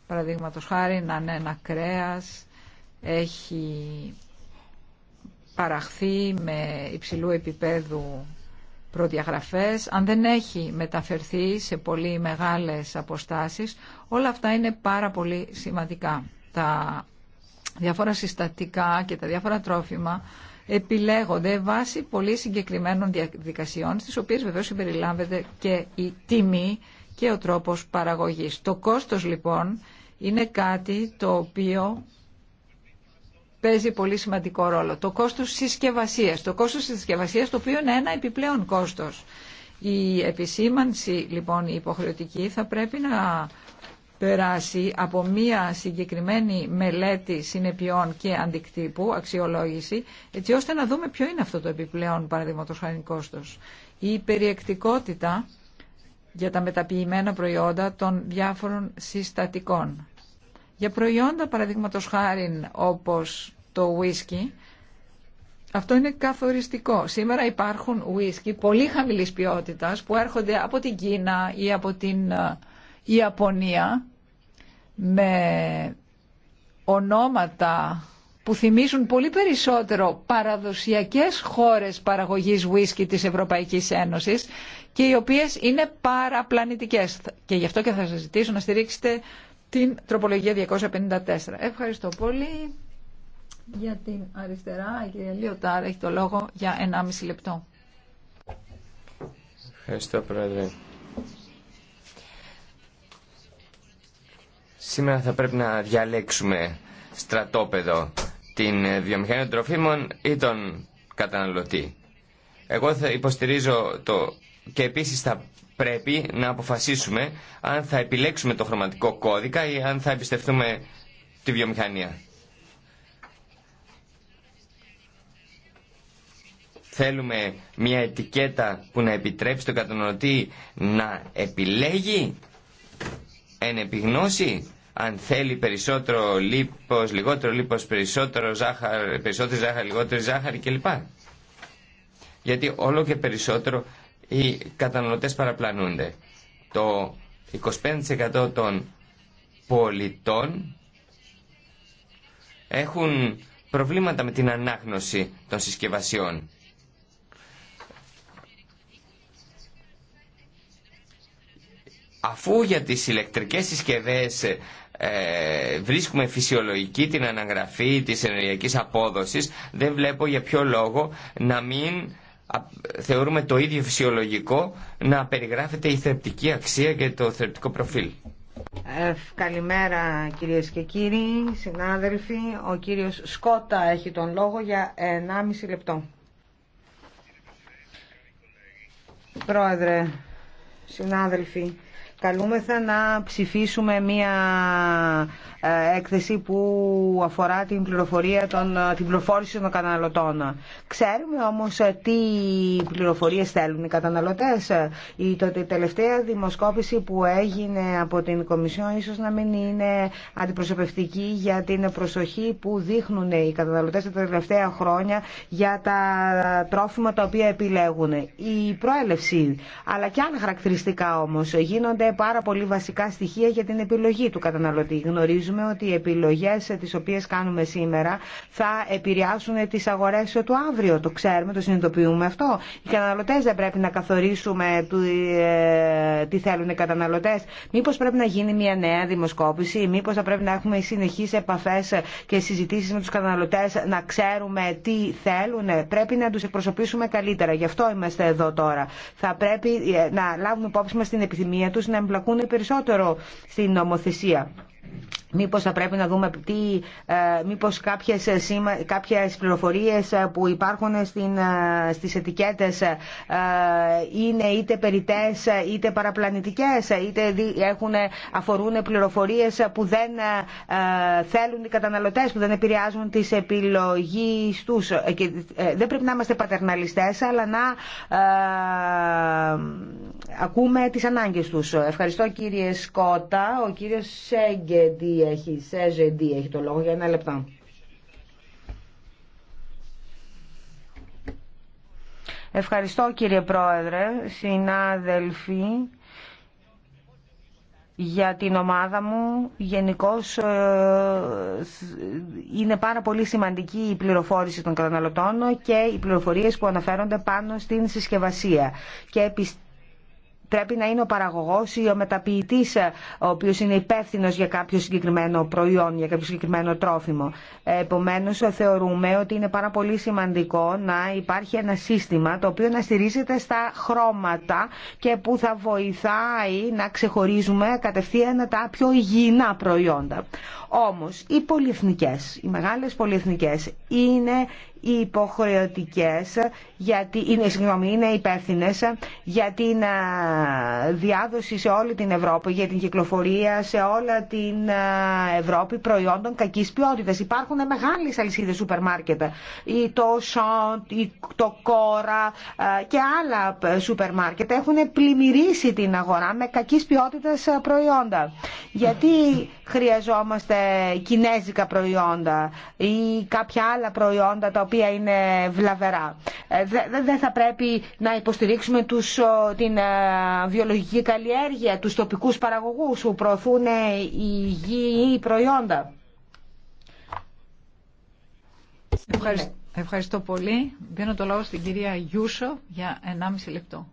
Παραδείγματο χάρη να είναι ένα κρέας, έχει παραχθεί με υψηλού επίπεδου προδιαγραφές, αν δεν έχει μεταφερθεί σε πολύ μεγάλες αποστάσεις, όλα αυτά είναι πάρα πολύ σημαντικά. Τα διάφορα συστατικά και τα διάφορα τρόφιμα επιλέγονται βάσει πολύ συγκεκριμένων διαδικασιών, στις οποίες βεβαίως συμπεριλάμβεται και η τιμή και ο τρόπος παραγωγής. Το κόστος λοιπόν είναι κάτι το οποίο παίζει πολύ σημαντικό ρόλο. Το κόστος συσκευασίας. Το κόστος συσκευασίας το οποίο είναι ένα επιπλέον κόστος. Η επισήμανση λοιπόν η υποχρεωτική θα πρέπει να περάσει από μία συγκεκριμένη μελέτη συνεπειών και αντικτύπου, αξιολόγηση, έτσι ώστε να δούμε ποιο είναι αυτό το επιπλέον παραδείγματος χάρη κόστος. Η περιεκτικότητα για τα μεταποιημένα προϊόντα των διάφορων συστατικών. Για προϊόντα παραδείγματος χάρη όπως το ουίσκι, αυτό είναι καθοριστικό. Σήμερα υπάρχουν ουίσκι πολύ χαμηλής ποιότητας που έρχονται από την Κίνα ή από την ε, Ιαπωνία με ονόματα που θυμίζουν πολύ περισσότερο παραδοσιακές χώρες παραγωγής whisky της Ευρωπαϊκής Ένωσης και οι οποίες είναι παραπλανητικές. Και γι' αυτό και θα σας ζητήσω να στηρίξετε την τροπολογία 254. Ευχαριστώ πολύ. Για την αριστερά, η κυρία Λιωτάρα έχει το λόγο για 1,5 λεπτό. Ευχαριστώ, Πρόεδρε. Σήμερα θα πρέπει να διαλέξουμε στρατόπεδο την βιομηχανία των τροφίμων ή τον καταναλωτή. Εγώ θα υποστηρίζω το και επίσης θα πρέπει να αποφασίσουμε αν θα επιλέξουμε το χρωματικό κώδικα ή αν θα εμπιστευτούμε τη βιομηχανία. Θέλουμε μια ετικέτα που να επιτρέψει τον καταναλωτή να επιλέγει εν επιγνώση αν θέλει περισσότερο λίπος, λιγότερο λίπος, περισσότερο ζάχαρη, περισσότερη ζάχαρη, λιγότερη ζάχαρη κλπ. Γιατί όλο και περισσότερο οι καταναλωτές παραπλανούνται. Το 25% των πολιτών έχουν προβλήματα με την ανάγνωση των συσκευασιών. Αφού για τις ηλεκτρικές συσκευές ε, βρίσκουμε φυσιολογική την αναγραφή της ενεργειακής απόδοσης, δεν βλέπω για ποιο λόγο να μην θεωρούμε το ίδιο φυσιολογικό να περιγράφεται η θρεπτική αξία και το θρεπτικό προφίλ. καλημέρα κυρίες και κύριοι, συνάδελφοι. Ο κύριος Σκότα έχει τον λόγο για 1,5 λεπτό. Πρόεδρε, συνάδελφοι, καλούμεθα να ψηφίσουμε μία ε, έκθεση που αφορά την, πληροφορία των, ε, την πληροφόρηση των καταναλωτών. Ξέρουμε όμως ε, τι πληροφορίες θέλουν οι καταναλωτές. Η τελευταία δημοσκόπηση που έγινε από την Κομισιόν ίσως να μην είναι αντιπροσωπευτική για την προσοχή που δείχνουν οι καταναλωτές τα τελευταία χρόνια για τα τρόφιμα τα οποία επιλέγουν. Η προέλευση αλλά και άλλα χαρακτηριστικά όμως γίνονται πάρα πολύ βασικά στοιχεία για την επιλογή του καταναλωτή. Γνωρίζουμε ότι οι επιλογές τις οποίες κάνουμε σήμερα θα επηρεάσουν τις αγορές του αύριο. Το ξέρουμε, το συνειδητοποιούμε αυτό. Οι καταναλωτές δεν πρέπει να καθορίσουμε ε, τι θέλουν οι καταναλωτές. Μήπως πρέπει να γίνει μια νέα δημοσκόπηση, μήπως θα πρέπει να έχουμε συνεχείς επαφές και συζητήσεις με τους καταναλωτές, να ξέρουμε τι θέλουν. Πρέπει να τους εκπροσωπήσουμε καλύτερα. Γι' αυτό είμαστε εδώ τώρα. Θα πρέπει ε, να λάβουμε υπόψη μας την επιθυμία τους να εμπλακούν περισσότερο στην νομοθεσία. Μήπως θα πρέπει να δούμε τι, ε, μήπως κάποιες, ε, κάποιες πληροφορίες ε, που υπάρχουν στην, στις ετικέτες είναι είτε περιτές είτε παραπλανητικές είτε έχουν, αφορούν πληροφορίες που δεν θέλουν οι καταναλωτές που δεν επηρεάζουν τις επιλογές τους. δεν πρέπει να είμαστε πατερναλιστές αλλά να ακούμε τις ανάγκες τους. Ευχαριστώ κύριε Σκότα, ο κύριος Σέγγεντι έχει, έχει το λόγο για ένα λεπτό. Ευχαριστώ κύριε Πρόεδρε, συνάδελφοι για την ομάδα μου γενικώ ε, είναι πάρα πολύ σημαντική η πληροφόρηση των καταναλωτών και οι πληροφορίες που αναφέρονται πάνω στην συσκευασία και πρέπει να είναι ο παραγωγό, ή ο μεταποιητής ε, ο οποίο είναι υπεύθυνο για κάποιο συγκεκριμένο προϊόν, για κάποιο συγκεκριμένο τρόφιμο. Επομένω, θεωρούμε ότι είναι πάρα πολύ σημαντικό να υπάρχει ένα σύστημα το οποίο να στηρίζεται στα χρώματα και που θα βοηθάει να ξεχωρίζουμε κατευθείαν τα πιο υγιεινά προϊόντα. Όμω, οι πολυεθνικέ, οι μεγάλε πολυεθνικέ, είναι οι υποχρεωτικές γιατί είναι, συγγνώμη, είναι υπεύθυνες για την διάδοση σε όλη την Ευρώπη, για την κυκλοφορία σε όλα την Ευρώπη προϊόντων κακής ποιότητας. Υπάρχουν μεγάλες αλυσίδες σούπερ μάρκετ, το Σόντ, το Κόρα και άλλα σούπερ μάρκετ έχουν πλημμυρίσει την αγορά με κακής ποιότητας προϊόντα. Γιατί χρειαζόμαστε κινέζικα προϊόντα ή κάποια άλλα προϊόντα τα οποία είναι βλαβερά. Ε, δεν θα πρέπει να υποστηρίξουμε τους, την ε, βιολογική καλλιέργεια, τους τοπικούς παραγωγούς που προωθούν οι ε, προϊόντα. Ευχαριστώ. Ευχαριστώ πολύ. Δίνω το λόγο στην κυρία Γιούσο για 1,5 λεπτό.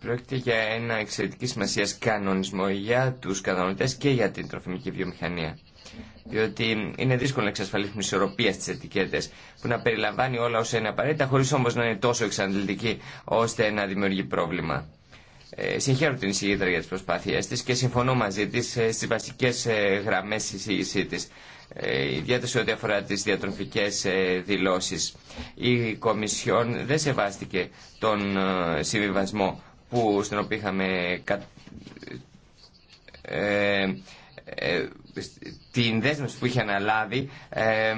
Πρόκειται για ένα εξαιρετική σημασία κανονισμό για του κατανοητέ και για την τροφιμική βιομηχανία. Διότι είναι δύσκολο να εξασφαλίσουμε ισορροπία στι ετικέτε που να περιλαμβάνει όλα όσα είναι απαραίτητα, χωρί όμω να είναι τόσο εξαντλητική ώστε να δημιουργεί πρόβλημα. Ε, συγχαίρω την εισηγήτρια για τι προσπάθειέ τη και συμφωνώ μαζί τη ε, στι βασικέ ε, γραμμέ τη εισήγησή τη. Ε, ιδιαίτερα σε ό,τι αφορά τι διατροφικέ ε, Η Κομισιόν δεν σεβάστηκε τον ε, συμβιβασμό που, στην οποία είχαμε ε, ε, την δέσμευση που είχε αναλάβει ε,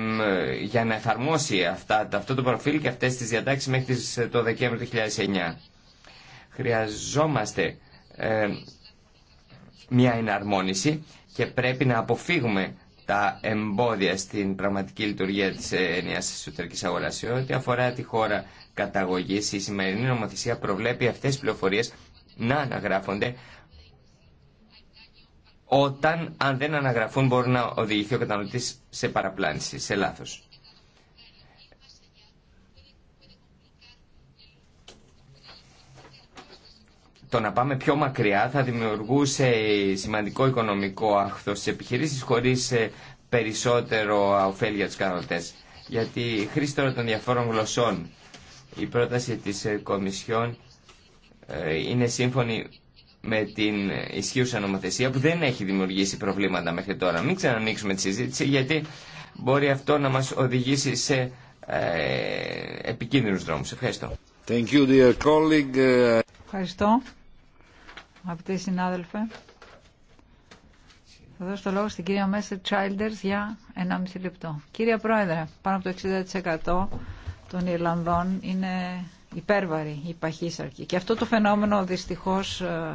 για να εφαρμόσει αυτά, αυτό το προφίλ και αυτές τις διατάξεις μέχρι ε, το Δεκέμβριο του 2009. Χρειαζόμαστε μια εναρμόνιση και πρέπει να αποφύγουμε τα εμπόδια στην πραγματική λειτουργία της ε, ενιαίας εσωτερικής αγοράς. Ό,τι αφορά τη χώρα η σημερινή νομοθεσία προβλέπει αυτές τις πληροφορίες να αναγράφονται όταν αν δεν αναγραφούν μπορεί να οδηγηθεί ο καταναλωτής σε παραπλάνηση, σε λάθος. το να πάμε πιο μακριά θα δημιουργούσε σημαντικό οικονομικό άχθο στις επιχειρήσεις χωρίς ε, περισσότερο ωφέλη για τους Γιατί η χρήση τώρα των διαφόρων γλωσσών η πρόταση της ε, Κομισιόν ε, είναι σύμφωνη με την ισχύουσα νομοθεσία που δεν έχει δημιουργήσει προβλήματα μέχρι τώρα. Μην ξανανοίξουμε τη συζήτηση γιατί μπορεί αυτό να μας οδηγήσει σε ε, επικίνδυνους δρόμους. Ευχαριστώ. Thank you, dear colleague. Ευχαριστώ, αγαπητοί συνάδελφε. Θα δώσω το λόγο στην κυρία Μέσερ Childers για 1,5 λεπτό. Κύρια Πρόεδρε, πάνω από το 60% των Ιρλανδών είναι υπέρβαρη, η παχύσαρκη. Και αυτό το φαινόμενο δυστυχώς ε,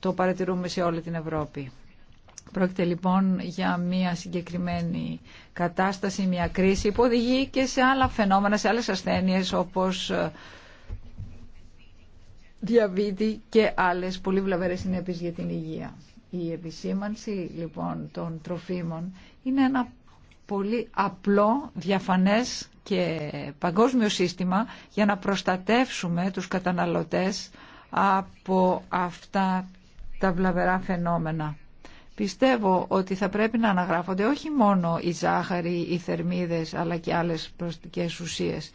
το παρατηρούμε σε όλη την Ευρώπη. Πρόκειται λοιπόν για μια συγκεκριμένη κατάσταση, μια κρίση που οδηγεί και σε άλλα φαινόμενα, σε άλλες ασθένειες όπως ε, διαβήτη και άλλες πολύ βλαβερές συνέπειες για την υγεία. Η επισήμανση λοιπόν των τροφίμων είναι ένα πολύ απλό, διαφανές και παγκόσμιο σύστημα για να προστατεύσουμε τους καταναλωτές από αυτά τα βλαβερά φαινόμενα. Πιστεύω ότι θα πρέπει να αναγράφονται όχι μόνο οι ζάχαρη, οι θερμίδες αλλά και άλλες προστικές ουσίες.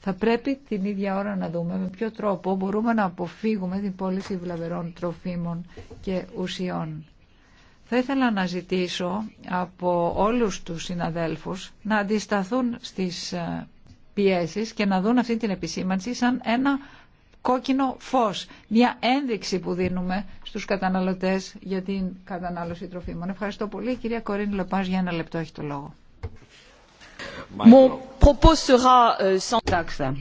Θα πρέπει την ίδια ώρα να δούμε με ποιο τρόπο μπορούμε να αποφύγουμε την πώληση βλαβερών τροφίμων και ουσιών. Θα ήθελα να ζητήσω από όλους τους συναδέλφους να αντισταθούν στις ε, πιέσεις και να δουν αυτή την επισήμανση σαν ένα κόκκινο φως, μια ένδειξη που δίνουμε στους καταναλωτές για την κατανάλωση τροφίμων. Ευχαριστώ πολύ. κυρία Κορίν Λεπάς, για ένα λεπτό έχει το λόγο. Ε,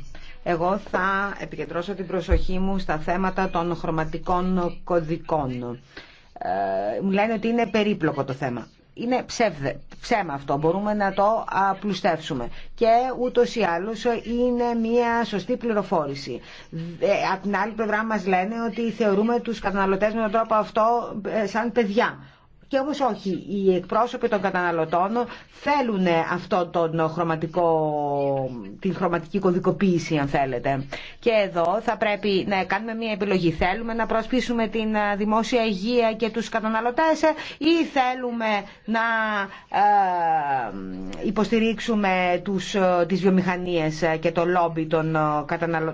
εγώ θα επικεντρώσω την προσοχή μου στα θέματα των χρωματικών κωδικών. Ε, μου λένε ότι είναι περίπλοκο το θέμα. Είναι ψεύδε, ψέμα αυτό, μπορούμε να το απλουστεύσουμε. Και ούτως ή άλλως είναι μια σωστή πληροφόρηση. Ε, Από την άλλη πλευρά μας λένε ότι θεωρούμε τους καταναλωτές με τον τρόπο αυτό ε, σαν παιδιά. Και όμως όχι, οι εκπρόσωποι των καταναλωτών θέλουν αυτό τον χρωματικό, την χρωματική κωδικοποίηση αν θέλετε. Και εδώ θα πρέπει να κάνουμε μια επιλογή. Θέλουμε να προσπίσουμε την ε, δημόσια υγεία και τους καταναλωτές ή θέλουμε να ε, υποστηρίξουμε τους, ε, τις βιομηχανίες και το λόμπι των,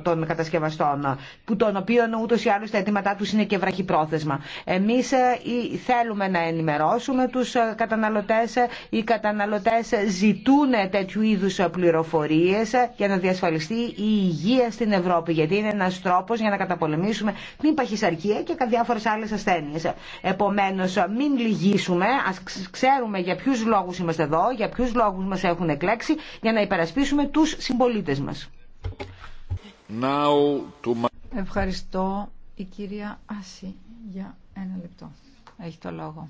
των κατασκευαστών που τον οποίων ούτως ή άλλως τα αιτήματά τους είναι και βραχυπρόθεσμα. Εμείς θέλουμε να ενημερώσουμε τους ε, καταναλωτές. Ε, οι καταναλωτές ζητούν ε, τέτοιου είδους πληροφορίες για να διασφαλιστεί η υγεία στην Ευρώπη, γιατί είναι ένας τρόπος για να καταπολεμήσουμε την παχυσαρκία και διάφορες άλλες ασθένειες. Επομένως, μην λυγίσουμε, ας ξέρουμε για ποιους λόγους είμαστε εδώ, για ποιους λόγους μας έχουν εκλέξει, για να υπερασπίσουμε τους συμπολίτε μας. Ευχαριστώ η κυρία Άση για ένα λεπτό. Έχει το λόγο.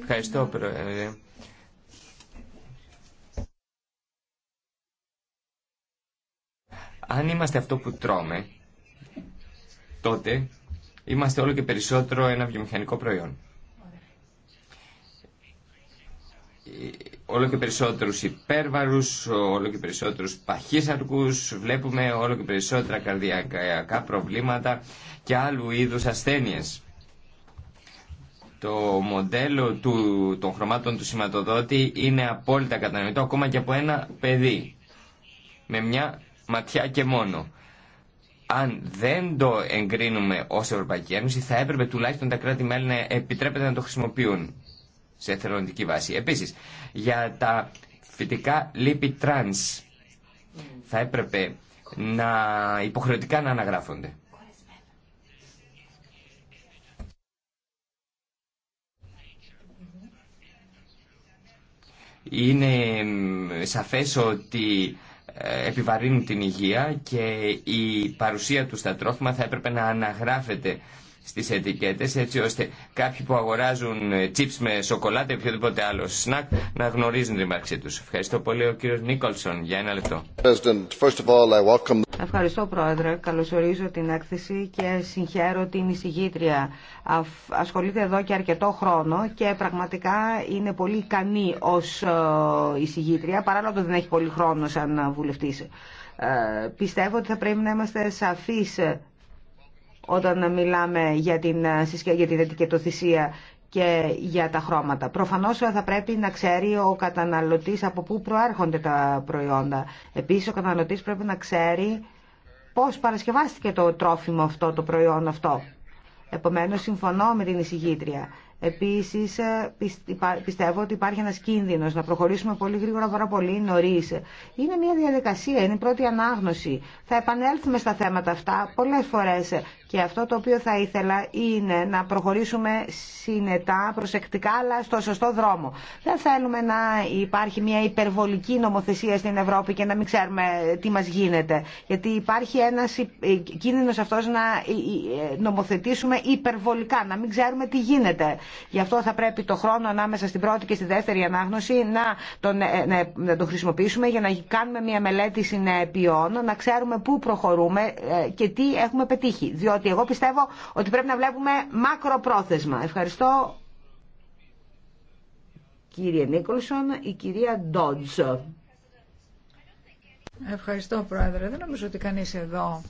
Ευχαριστώ, Πρόεδρε. Αν είμαστε αυτό που τρώμε, τότε είμαστε όλο και περισσότερο ένα βιομηχανικό προϊόν. Όλο και περισσότερους υπέρβαρους, όλο και περισσότερους παχύσαρκους, βλέπουμε όλο και περισσότερα καρδιακά προβλήματα και άλλου είδους ασθένειες το μοντέλο του, των χρωμάτων του σηματοδότη είναι απόλυτα κατανοητό ακόμα και από ένα παιδί με μια ματιά και μόνο. Αν δεν το εγκρίνουμε ως Ευρωπαϊκή Ένωση θα έπρεπε τουλάχιστον τα κράτη-μέλη να επιτρέπεται να το χρησιμοποιούν σε εθελοντική βάση. Επίσης, για τα φυτικά λύπη τρανς θα έπρεπε να υποχρεωτικά να αναγράφονται. είναι σαφές ότι ε, επιβαρύνουν την υγεία και η παρουσία του στα τρόφιμα θα έπρεπε να αναγράφεται στις ετικέτες έτσι ώστε κάποιοι που αγοράζουν τσίπς ε, με σοκολάτα ή οποιοδήποτε άλλο σνακ να γνωρίζουν την ύπαρξή τους. Ευχαριστώ πολύ ο κύριος Νίκολσον για ένα λεπτό. Ευχαριστώ Πρόεδρε. Καλωσορίζω την έκθεση και συγχαίρω την εισηγήτρια. Ασχολείται εδώ και αρκετό χρόνο και πραγματικά είναι πολύ ικανή ως ε, εισηγήτρια παράλληλα ότι δεν έχει πολύ χρόνο σαν βουλευτής. Ε, πιστεύω ότι θα πρέπει να είμαστε σαφείς όταν μιλάμε για την, ε, για την ετικετοθυσία και για τα χρώματα. Προφανώς ε, θα πρέπει να ξέρει ο καταναλωτής από πού προέρχονται τα προϊόντα. Επίσης ο καταναλωτής πρέπει να ξέρει πώς παρασκευάστηκε το τρόφιμο αυτό, το προϊόν αυτό. Επομένως συμφωνώ με την εισηγήτρια. Επίσης ε, πιστεύω ότι υπάρχει ένας κίνδυνος να προχωρήσουμε πολύ γρήγορα πάρα πολύ νωρί Είναι μια διαδικασία, είναι η πρώτη ανάγνωση. Θα επανέλθουμε στα θέματα αυτά πολλές φορές και αυτό το οποίο θα ήθελα είναι να προχωρήσουμε συνετά, προσεκτικά, αλλά στο σωστό δρόμο. Δεν θέλουμε να υπάρχει μια υπερβολική νομοθεσία στην Ευρώπη και να μην ξέρουμε τι μας γίνεται. Γιατί υπάρχει ένας ε, κίνδυνος αυτός να ε, ε, νομοθετήσουμε υπερβολικά, να μην ξέρουμε τι γίνεται. Γι' αυτό θα πρέπει το χρόνο ανάμεσα στην πρώτη και στη δεύτερη ανάγνωση να το να τον χρησιμοποιήσουμε για να κάνουμε μια μελέτη συνεπειών, να ξέρουμε πού προχωρούμε και τι έχουμε πετύχει ότι εγώ πιστεύω ότι πρέπει να βλέπουμε μακροπρόθεσμα. Ευχαριστώ κύριε Νίκολσον, η κυρία Ντότζ. Ευχαριστώ Πρόεδρε. Δεν νομίζω ότι κανείς εδώ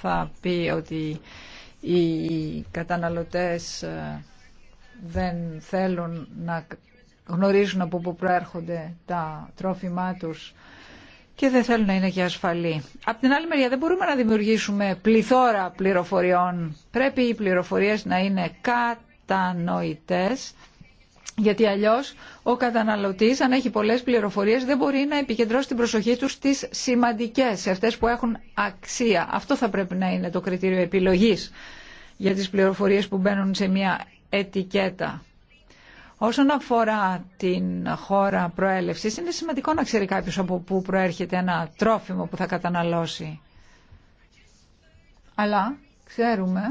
θα πει ότι οι καταναλωτές ε, δεν θέλουν να γνωρίζουν από πού προέρχονται τα τρόφιμά τους και δεν θέλουν να είναι και ασφαλή. Απ' την άλλη μεριά δεν μπορούμε να δημιουργήσουμε πληθώρα πληροφοριών. Πρέπει οι πληροφορίες να είναι κατανοητές γιατί αλλιώς ο καταναλωτής αν έχει πολλές πληροφορίες δεν μπορεί να επικεντρώσει την προσοχή του στις σημαντικές, σε αυτές που έχουν αξία. Αυτό θα πρέπει να είναι το κριτήριο επιλογής για τις πληροφορίες που μπαίνουν σε μια ετικέτα. Όσον αφορά την χώρα προέλευση, είναι σημαντικό να ξέρει κάποιο από πού προέρχεται ένα τρόφιμο που θα καταναλώσει. Αλλά ξέρουμε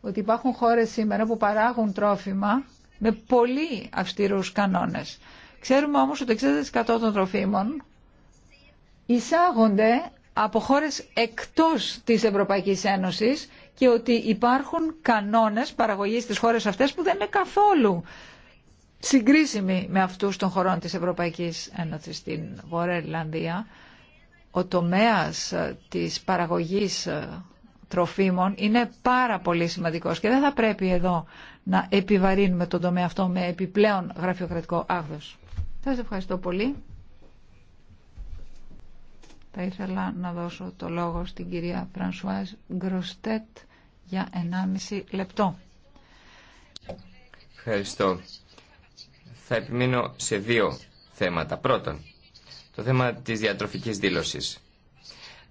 ότι υπάρχουν χώρες σήμερα που παράγουν τρόφιμα με πολύ αυστηρούς κανόνες. Ξέρουμε όμως ότι το 60% των τροφίμων εισάγονται από χώρες εκτός της Ευρωπαϊκής Ένωσης και ότι υπάρχουν κανόνες παραγωγής στις χώρες αυτές που δεν είναι καθόλου συγκρίσιμη με αυτούς των χωρών της Ευρωπαϊκής Ένωσης στην Βόρεια Ιρλανδία. Ο τομέας ε, της παραγωγής ε, τροφίμων είναι πάρα πολύ σημαντικός και δεν θα πρέπει εδώ να επιβαρύνουμε τον τομέα αυτό με επιπλέον γραφειοκρατικό άγδος. Θα σας ευχαριστώ πολύ. Θα ήθελα να δώσω το λόγο στην κυρία Φρανσουάζ Γκροστέτ για 1,5 λεπτό. Ευχαριστώ θα επιμείνω σε δύο θέματα. Πρώτον, το θέμα της διατροφικής δήλωσης.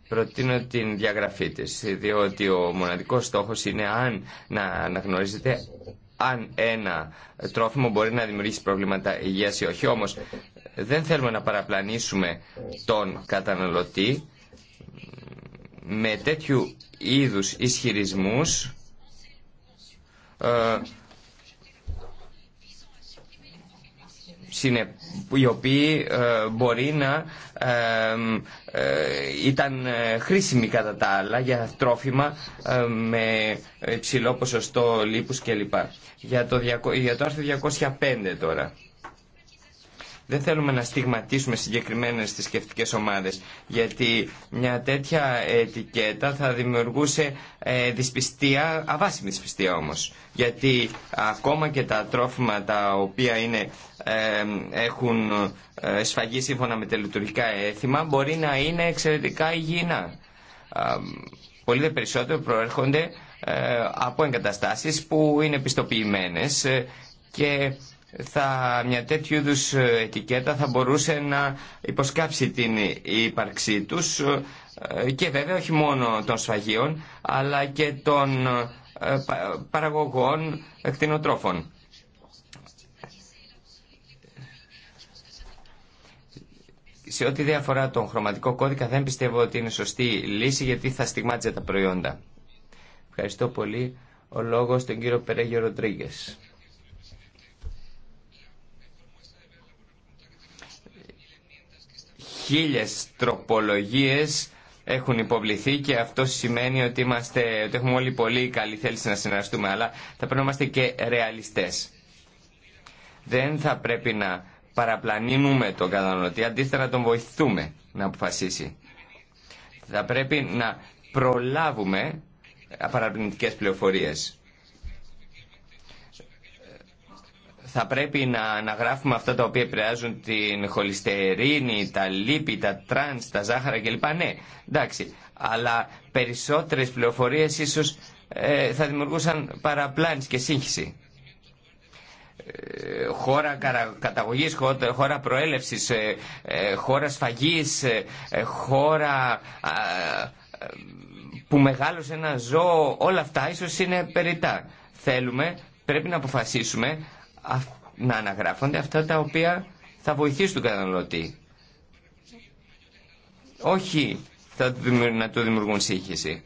Προτείνω την διαγραφή της, διότι ο μοναδικός στόχος είναι αν να αναγνωρίζετε αν ένα τρόφιμο μπορεί να δημιουργήσει προβλήματα υγείας ή όχι. Όμως δεν θέλουμε να παραπλανήσουμε τον καταναλωτή με τέτοιου είδους ισχυρισμούς ε, οι οποίοι ε, μπορεί να ε, ε, ήταν χρήσιμοι κατά τα άλλα για τρόφιμα με υψηλό ποσοστό λίπους κλπ. Για το, για το άρθρο 205 τώρα. Δεν θέλουμε να στιγματίσουμε συγκεκριμένες θρησκευτικέ ομάδες, γιατί μια τέτοια ετικέτα θα δημιουργούσε ε, δυσπιστία, αβάσιμη δυσπιστία όμως. Γιατί ακόμα και τα τρόφιμα τα οποία είναι, ε, έχουν ε, σφαγή σύμφωνα με τα λειτουργικά έθιμα μπορεί να είναι εξαιρετικά υγιεινά. Πολύ περισσότερο προέρχονται από εγκαταστάσεις που είναι πιστοποιημένες και θα, μια τέτοιου είδου ε, ετικέτα θα μπορούσε να υποσκάψει την ύπαρξή τους ε, και βέβαια όχι μόνο των σφαγίων αλλά και των ε, παραγωγών εκτινοτρόφων. Σε ό,τι διαφορά αφορά τον χρωματικό κώδικα δεν πιστεύω ότι είναι σωστή λύση γιατί θα στιγμάτιζε τα προϊόντα. Ευχαριστώ πολύ. Ο λόγος τον κύριο Περέγιο Ροντρίγκες. χίλιες τροπολογίες έχουν υποβληθεί και αυτό σημαίνει ότι, είμαστε, ότι έχουμε όλοι πολύ καλή θέληση να συνεργαστούμε, αλλά θα πρέπει να είμαστε και ρεαλιστές. Δεν θα πρέπει να παραπλανήνουμε τον κατανοητή, αντίθετα να τον βοηθούμε να αποφασίσει. Θα πρέπει να προλάβουμε παραπλανητικές πληροφορίες. θα πρέπει να αναγράφουμε αυτά τα οποία επηρεάζουν την χολυστερίνη, τα λίπη, τα τρανς, τα ζάχαρα κλπ. Ναι, εντάξει, αλλά περισσότερες πληροφορίες ίσως ε, θα δημιουργούσαν παραπλάνηση και σύγχυση. Ε, χώρα καταγωγής, χώρα προέλευσης, ε, χώρα σφαγής, χώρα που μεγάλωσε ένα ζώο, όλα αυτά ίσως είναι περιτά. Θέλουμε, πρέπει να αποφασίσουμε να αναγράφονται αυτά τα οποία θα βοηθήσουν τον καταναλωτή. Όχι θα να του δημιουργούν σύγχυση.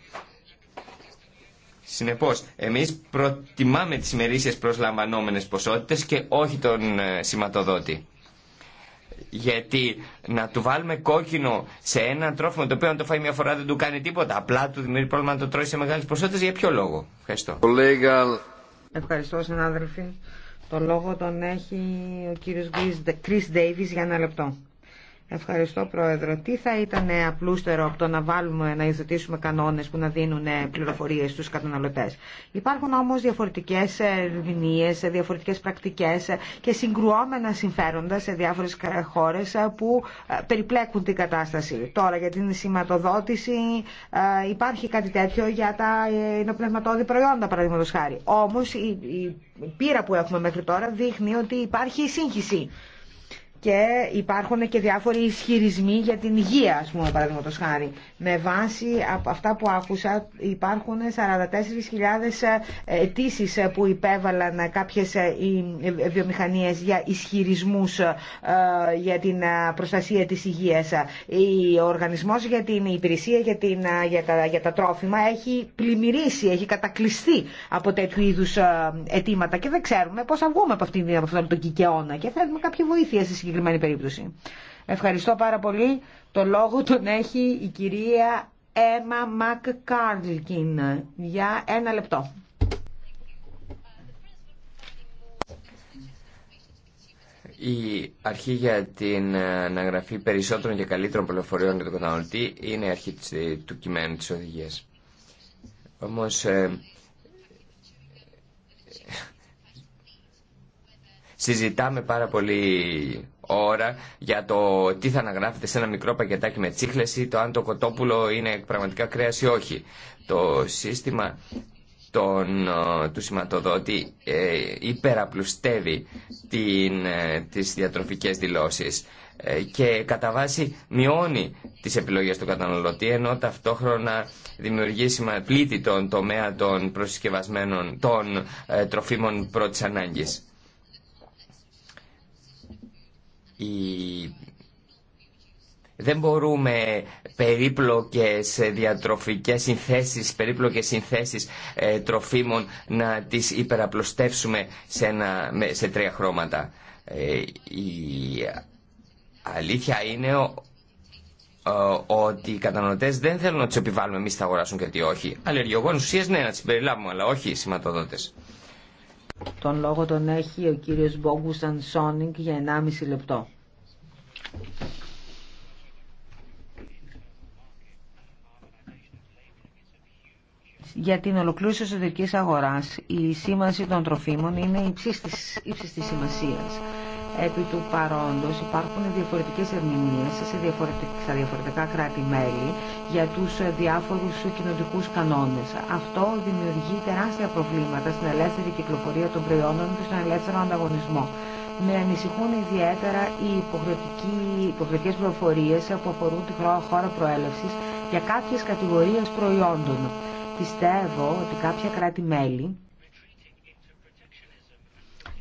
Συνεπώς, εμείς προτιμάμε τις προς προσλαμβανόμενες ποσότητες και όχι τον ε, σηματοδότη. Γιατί να του βάλουμε κόκκινο σε έναν τρόφιμο το οποίο αν το φάει μια φορά δεν του κάνει τίποτα. Απλά του δημιουργεί πρόβλημα να το τρώει σε μεγάλες ποσότητες. Για ποιο λόγο. Ευχαριστώ. Ευχαριστώ συνάδελφοι. Το λόγο τον έχει ο κύριος Chris Davis για ένα λεπτό. Ευχαριστώ Πρόεδρο. Τι θα ήταν απλούστερο από το να βάλουμε, να υιοθετήσουμε κανόνε που να δίνουν πληροφορίε στους καταναλωτέ. Υπάρχουν όμω διαφορετικέ ερμηνείε, διαφορετικέ πρακτικέ και συγκρουόμενα συμφέροντα σε διάφορε χώρε που ε, περιπλέκουν την κατάσταση. Τώρα για την σηματοδότηση ε, υπάρχει κάτι τέτοιο για τα ε, ενοπνευματώδη προϊόντα παραδείγματο χάρη. Όμως η πείρα που έχουμε μέχρι τώρα δείχνει ότι υπάρχει σύγχυση και υπάρχουν και διάφοροι ισχυρισμοί για την υγεία, ας πούμε, παραδείγματο χάρη. Με βάση από αυτά που άκουσα, υπάρχουν 44.000 ε, αιτήσει ε, που υπέβαλαν κάποιε ε, βιομηχανίε για ισχυρισμού για την προστασία τη υγεία. Ο οργανισμός για την υπηρεσία για, την, για, τα, για τα τρόφιμα έχει πλημμυρίσει, έχει κατακλειστεί από τέτοιου είδου αιτήματα και δεν ξέρουμε πώ θα βγούμε από αυτόν τον κικαιώνα και θέλουμε κάποια βοήθεια στη συγκεκριμένη συγκεκριμένη περίπτωση. Ευχαριστώ πάρα πολύ. Το λόγο τον έχει η κυρία Έμα Μακ για ένα λεπτό. Η αρχή για την αναγραφή περισσότερων και καλύτερων πληροφοριών για τον καταναλωτή είναι η αρχή ε, του κειμένου της οδηγίας. Όμως ε, συζητάμε πάρα πολύ ώρα για το τι θα αναγράφεται σε ένα μικρό πακετάκι με τσίχλες το αν το κοτόπουλο είναι πραγματικά κρέας ή όχι. Το σύστημα τον, ε, του σηματοδότη ε, υπεραπλουστεύει την, ε, τις διατροφικές δηλώσεις ε, και κατά βάση μειώνει τις επιλογές του καταναλωτή ενώ ταυτόχρονα δημιουργεί πλήτη τον τομέα των προσκευασμένων των ε, τροφίμων πρώτης ανάγκης. Δεν μπορούμε περίπλοκες διατροφικές συνθέσεις, περίπλοκες συνθέσεις ε, τροφίμων να τις υπεραπλωστεύσουμε σε, ένα, σε τρία χρώματα. Ε, η αλήθεια είναι ότι οι κατανοητές δεν θέλουν να τις επιβάλλουμε εμείς θα αγοράσουν και τι όχι. Αλλεργιογόνους, ουσίες ναι να τις περιλάβουμε αλλά όχι σηματοδότες. Τον λόγο τον έχει ο κύριος Μπόγκουσαν Σόνικ για 1,5 λεπτό. για την ολοκλήρωση της εσωτερικής αγοράς η σήμανση των τροφίμων είναι ύψης της, ύψης της σημασίας. Επί του παρόντος υπάρχουν διαφορετικές ερμηνείες σε στα διαφορετικά κράτη-μέλη για τους ε, διάφορους κοινωνικούς κανόνες. Αυτό δημιουργεί τεράστια προβλήματα στην ελεύθερη κυκλοφορία των προϊόντων και στον ελεύθερο ανταγωνισμό. Με ανησυχούν ιδιαίτερα οι υποχρεωτικές πληροφορίες που αφορούν τη χώρα προέλευσης για κάποιες κατηγορίες προϊόντων. Πιστεύω ότι κάποια κράτη-μέλη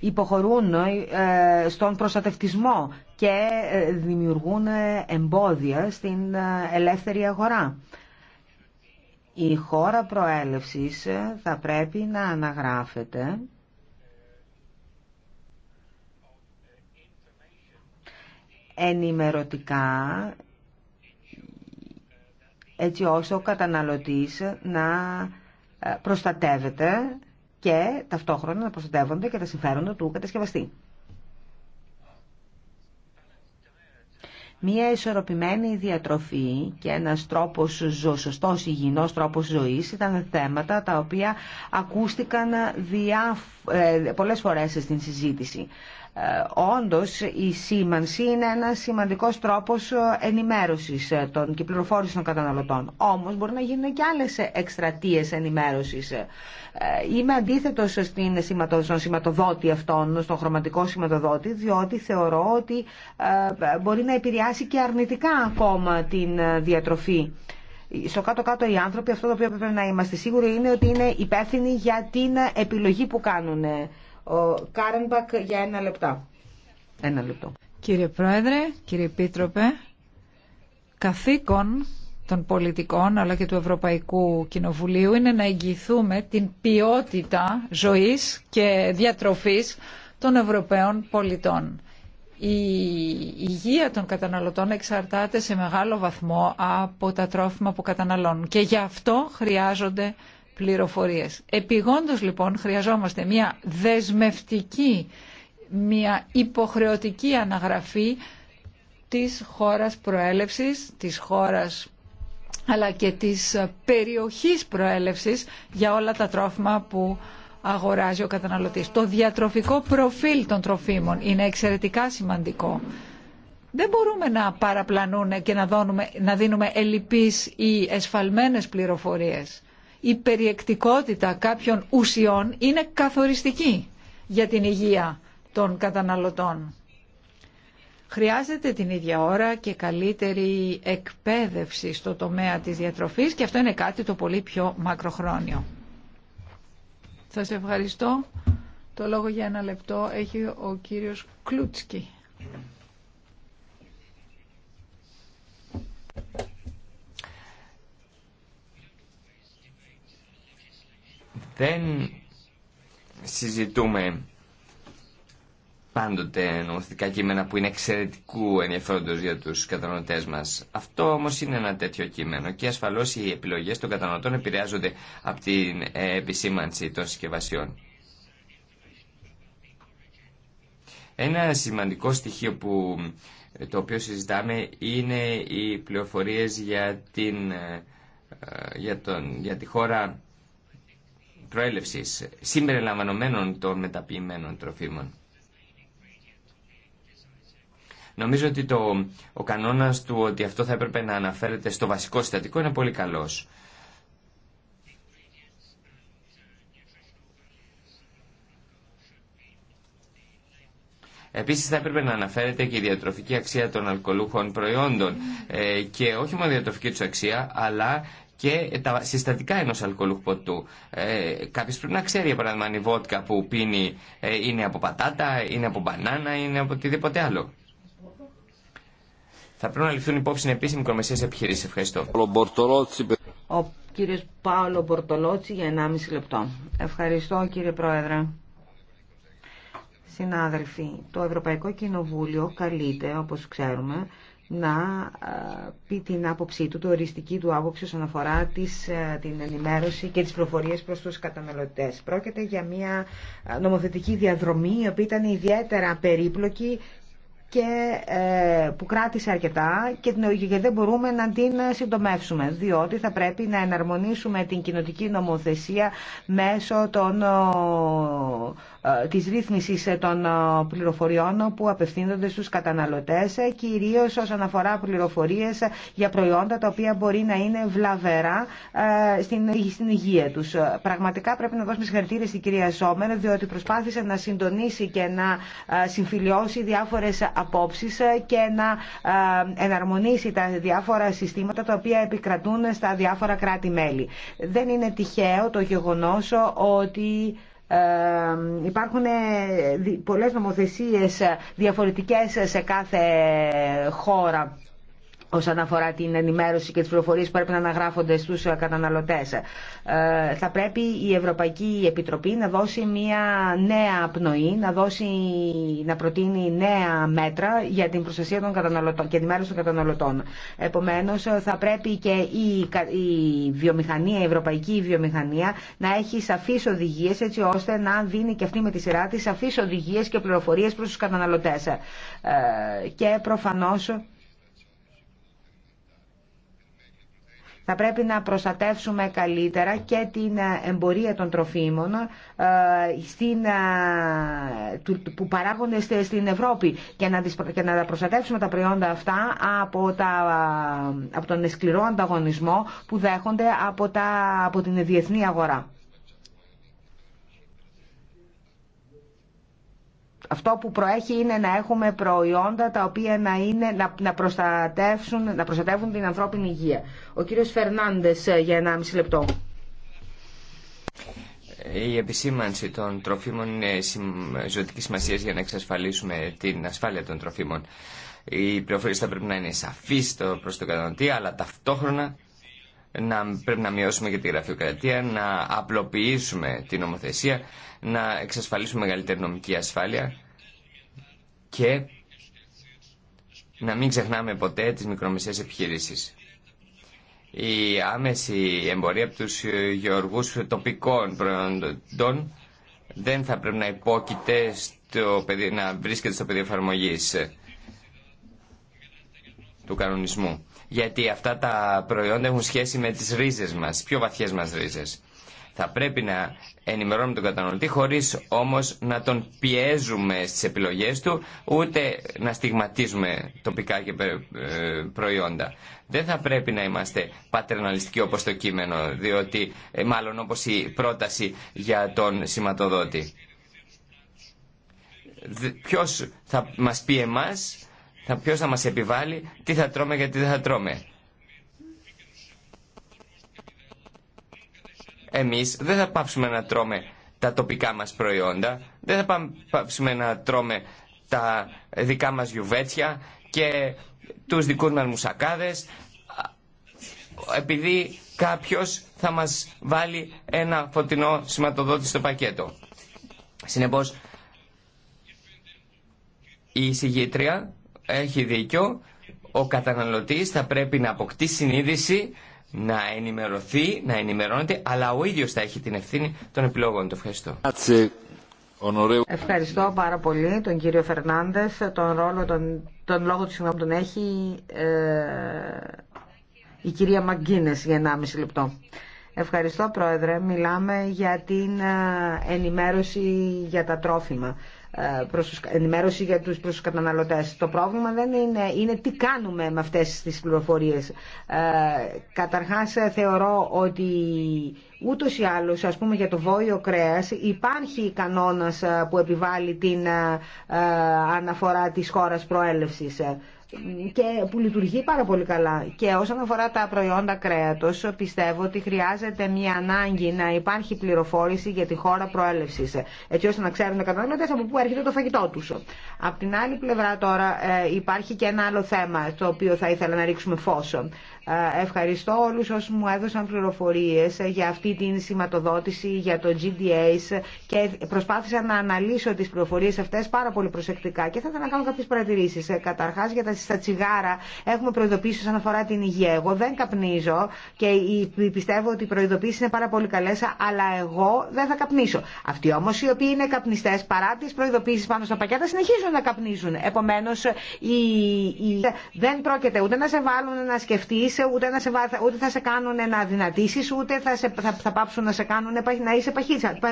υποχωρούν ε, στον προστατευτισμό και ε, δημιουργούν ε, εμπόδια στην ελεύθερη αγορά. Η χώρα προέλευσης θα πρέπει να αναγράφεται ενημερωτικά έτσι ώστε ο καταναλωτής να προστατεύεται και ταυτόχρονα να προστατεύονται και τα συμφέροντα του κατασκευαστή. Μία ισορροπημένη διατροφή και ένας τρόπος ζω, σωστός υγιεινός τρόπος ζωής ήταν θέματα τα οποία ακούστηκαν διά, ε, πολλές φορές στην συζήτηση. Ε, όντως η σήμανση είναι ένα σημαντικός τρόπος ε, ενημέρωσης ε, των, και πληροφόρηση των καταναλωτών. Όμως μπορεί να γίνουν και άλλες εκστρατείες ενημέρωσης. Είμαι αντίθετος στην, στον σηματοδότη αυτόν, στον χρωματικό σηματοδότη, διότι θεωρώ ότι μπορεί να επηρεάσει και αρνητικά ακόμα την διατροφή στο κάτω-κάτω οι άνθρωποι αυτό το οποίο πρέπει να είμαστε σίγουροι είναι ότι είναι υπεύθυνοι για την επιλογή που κάνουν. Ο Κάρενμπακ για ένα λεπτά. Ένα λεπτό. Κύριε Πρόεδρε, κύριε Επίτροπε, καθήκον των πολιτικών αλλά και του Ευρωπαϊκού Κοινοβουλίου είναι να εγγυηθούμε την ποιότητα ζωής και διατροφής των Ευρωπαίων πολιτών. Η υγεία των καταναλωτών εξαρτάται σε μεγάλο βαθμό από τα τρόφιμα που καταναλώνουν και γι' αυτό χρειάζονται πληροφορίες. Επιγόντως λοιπόν χρειαζόμαστε μια δεσμευτική, μια υποχρεωτική αναγραφή της χώρας προέλευσης, της χώρας αλλά και της περιοχής προέλευσης για όλα τα τρόφιμα που αγοράζει ο καταναλωτής. Το διατροφικό προφίλ των τροφίμων είναι εξαιρετικά σημαντικό. Δεν μπορούμε να παραπλανούν και να, να δίνουμε ελλειπείς ή εσφαλμένες πληροφορίες η περιεκτικότητα κάποιων ουσιών είναι καθοριστική για την υγεία των καταναλωτών. Χρειάζεται την ίδια ώρα και καλύτερη εκπαίδευση στο τομέα της διατροφής και αυτό είναι κάτι το πολύ πιο μακροχρόνιο. Σας ευχαριστώ. Το λόγο για ένα λεπτό έχει ο κύριος Κλούτσκι. Δεν συζητούμε πάντοτε νομοθετικά κείμενα που είναι εξαιρετικού ενδιαφέροντος για τους καταναλωτές μας. Αυτό όμως είναι ένα τέτοιο κείμενο και ασφαλώς οι επιλογές των καταναλωτών επηρεάζονται από την ε, επισήμανση των συσκευασιών. Ένα σημαντικό στοιχείο που, ε, το οποίο συζητάμε είναι οι πληροφορίες για, την, ε, για, τον, για τη χώρα προέλευσης των μεταποιημένων τροφίμων. Νομίζω ότι το, ο κανόνας του ότι αυτό θα έπρεπε να αναφέρεται στο βασικό συστατικό είναι πολύ καλός. Επίσης θα έπρεπε να αναφέρεται και η διατροφική αξία των αλκοολούχων προϊόντων ε, και όχι μόνο η διατροφική του αξία αλλά και ε, τα συστατικά ενός αλκοόλου ποτού. Ε, κάποιος πρέπει να ξέρει, για παράδειγμα, αν η βότκα που πίνει ε, είναι από πατάτα, είναι από μπανάνα, είναι από οτιδήποτε άλλο. Θα πρέπει να ληφθούν υπόψη επίσης μικρομεσαίες επιχειρήσεις. Ευχαριστώ. Ο κύριος Πάολο Μπορτολότσι για 1,5 λεπτό. Ευχαριστώ κύριε Πρόεδρε. Συνάδελφοι, το Ευρωπαϊκό Κοινοβούλιο καλείται, όπως ξέρουμε, να ε, πει την άποψή του, το οριστική του άποψη όσον αφορά ε, την ενημέρωση και τις προφορίες προς τους καταναλωτές. Πρόκειται για μια ε, νομοθετική διαδρομή η οποία ήταν ιδιαίτερα περίπλοκη και που κράτησε αρκετά και, και δεν μπορούμε να την συντομεύσουμε διότι θα πρέπει να εναρμονίσουμε την κοινοτική νομοθεσία μέσω των ε, της ρύθμισης ε, των ε, πληροφοριών που απευθύνονται στους καταναλωτές, κυρίως όσον αφορά πληροφορίες για προϊόντα τα οποία μπορεί να είναι βλαβερά στην υγεία τους. Πραγματικά πρέπει να δώσουμε συγχαρητήρια στην κυρία Σόμερ, διότι προσπάθησε να συντονίσει και να συμφιλιώσει διάφορες απόψεις και να εναρμονίσει τα διάφορα συστήματα τα οποία επικρατούν στα διάφορα κράτη-μέλη. Δεν είναι τυχαίο το γεγονός ότι ε, υπάρχουν ε, πολλές νομοθεσίες ε, διαφορετικές σε κάθε χώρα όσον αφορά την ενημέρωση και τις πληροφορίες που πρέπει να αναγράφονται στους ε, καταναλωτές. Ε, θα πρέπει η Ευρωπαϊκή Επιτροπή να δώσει μια νέα πνοή, να, δώσει, να προτείνει νέα μέτρα για την προστασία των καταναλωτών και ενημέρωση των καταναλωτών. Επομένως, θα πρέπει και η, η βιομηχανία, η ευρωπαϊκή βιομηχανία να έχει σαφείς οδηγίες έτσι ώστε να δίνει και αυτή με τη σειρά της σαφείς οδηγίες και πληροφορίες προς τους καταναλωτές. Ε, και προφανώς Θα πρέπει να προστατεύσουμε καλύτερα και την ε, εμπορία των τροφίμων ε, στην, ε, που παράγονται στην Ευρώπη και να, να προστατεύσουμε τα προϊόντα αυτά από, τα, από τον σκληρό ανταγωνισμό που δέχονται από, από την διεθνή αγορά. Αυτό που προέχει είναι να έχουμε προϊόντα τα οποία να, είναι, να, να, να προστατεύουν την ανθρώπινη υγεία. Ο κύριος Φερνάντες ε, για μισή λεπτό. Η επισήμανση των τροφίμων είναι ζωτική σημασία για να εξασφαλίσουμε την ασφάλεια των τροφίμων. Οι πληροφορίε θα πρέπει να είναι σαφεί προ τον καταναλωτή, αλλά ταυτόχρονα να πρέπει να μειώσουμε και τη γραφειοκρατία, να απλοποιήσουμε την νομοθεσία, να εξασφαλίσουμε μεγαλύτερη νομική ασφάλεια και να μην ξεχνάμε ποτέ τις μικρομεσαίες επιχειρήσεις. Η άμεση εμπορία από τους γεωργούς τοπικών προϊόντων δεν θα πρέπει να υπόκειται στο παιδί, να βρίσκεται στο πεδίο εφαρμογή του κανονισμού. Γιατί αυτά τα προϊόντα έχουν σχέση με τις ρίζες μας, πιο βαθιές μας ρίζες. Θα πρέπει να ενημερώνουμε τον καταναλωτή χωρίς όμως να τον πιέζουμε στις επιλογές του ούτε να στιγματίζουμε τοπικά και ε, προϊόντα. Δεν θα πρέπει να είμαστε πατερναλιστικοί όπως το κείμενο, διότι ε, μάλλον όπως η πρόταση για τον σηματοδότη. Ποιος θα μας πει εμάς, θα ποιος θα μας επιβάλλει τι θα τρώμε και τι δεν θα τρώμε. εμείς δεν θα πάψουμε να τρώμε τα τοπικά μας προϊόντα, δεν θα πάψουμε να τρώμε τα δικά μας γιουβέτσια και τους δικούς μας μουσακάδες, επειδή κάποιος θα μας βάλει ένα φωτεινό σηματοδότη στο πακέτο. Συνεπώς, η συγγήτρια έχει δίκιο, ο καταναλωτής θα πρέπει να αποκτήσει συνείδηση να ενημερωθεί, να ενημερώνεται, αλλά ο ίδιος θα έχει την ευθύνη των επιλογών του. Ευχαριστώ. Ευχαριστώ πάρα πολύ τον κύριο Φερνάντες. Τον, ρόλο, τον, τον λόγο του συγγνώμη τον έχει ε, η κυρία Μαγκίνες για 1,5 λεπτό. Ευχαριστώ Πρόεδρε. Μιλάμε για την ε, ενημέρωση για τα τρόφιμα. Ε, προς, ενημέρωση για τους, προς Το πρόβλημα δεν είναι, είναι τι κάνουμε με αυτές τις πληροφορίες. Ε, καταρχάς ε, θεωρώ ότι ούτως ή άλλως ας πούμε για το βόλιο κρέας υπάρχει κανόνας ε, που επιβάλλει την αναφορά της χώρας προέλευσης και που λειτουργεί πάρα πολύ καλά. Και όσον αφορά τα προϊόντα κρέατος, πιστεύω ότι χρειάζεται μια ανάγκη να υπάρχει πληροφόρηση για τη χώρα προέλευσης, έτσι ώστε να ξέρουν οι καταναλωτές από πού έρχεται το φαγητό τους. Απ' την άλλη πλευρά τώρα ε, υπάρχει και ένα άλλο θέμα, στο οποίο θα ήθελα να ρίξουμε φως. Ε, ευχαριστώ όλους όσοι μου έδωσαν πληροφορίες για αυτή την σηματοδότηση για το GDAs και προσπάθησα να αναλύσω τις πληροφορίες αυτές πάρα πολύ προσεκτικά και θα ήθελα να κάνω κάποιες παρατηρήσεις. Ε, καταρχάς για τα στα τσιγάρα έχουμε προειδοποίησει όσον αφορά την υγεία. Εγώ δεν καπνίζω και πιστεύω ότι οι προειδοποίησεις είναι πάρα πολύ καλές αλλά εγώ δεν θα καπνίσω. Αυτοί όμως οι οποίοι είναι καπνιστές παρά τις προειδοποίησεις πάνω στα πακέτα συνεχίζουν να καπνίζουν. Επομένως δεν πρόκειται ούτε να σε βάλουν να σκεφτεί είσαι, ούτε, να σε, ούτε θα σε κάνουν να δυνατήσεις, ούτε θα, θα, θα πάψουν να σε κάνουν να είσαι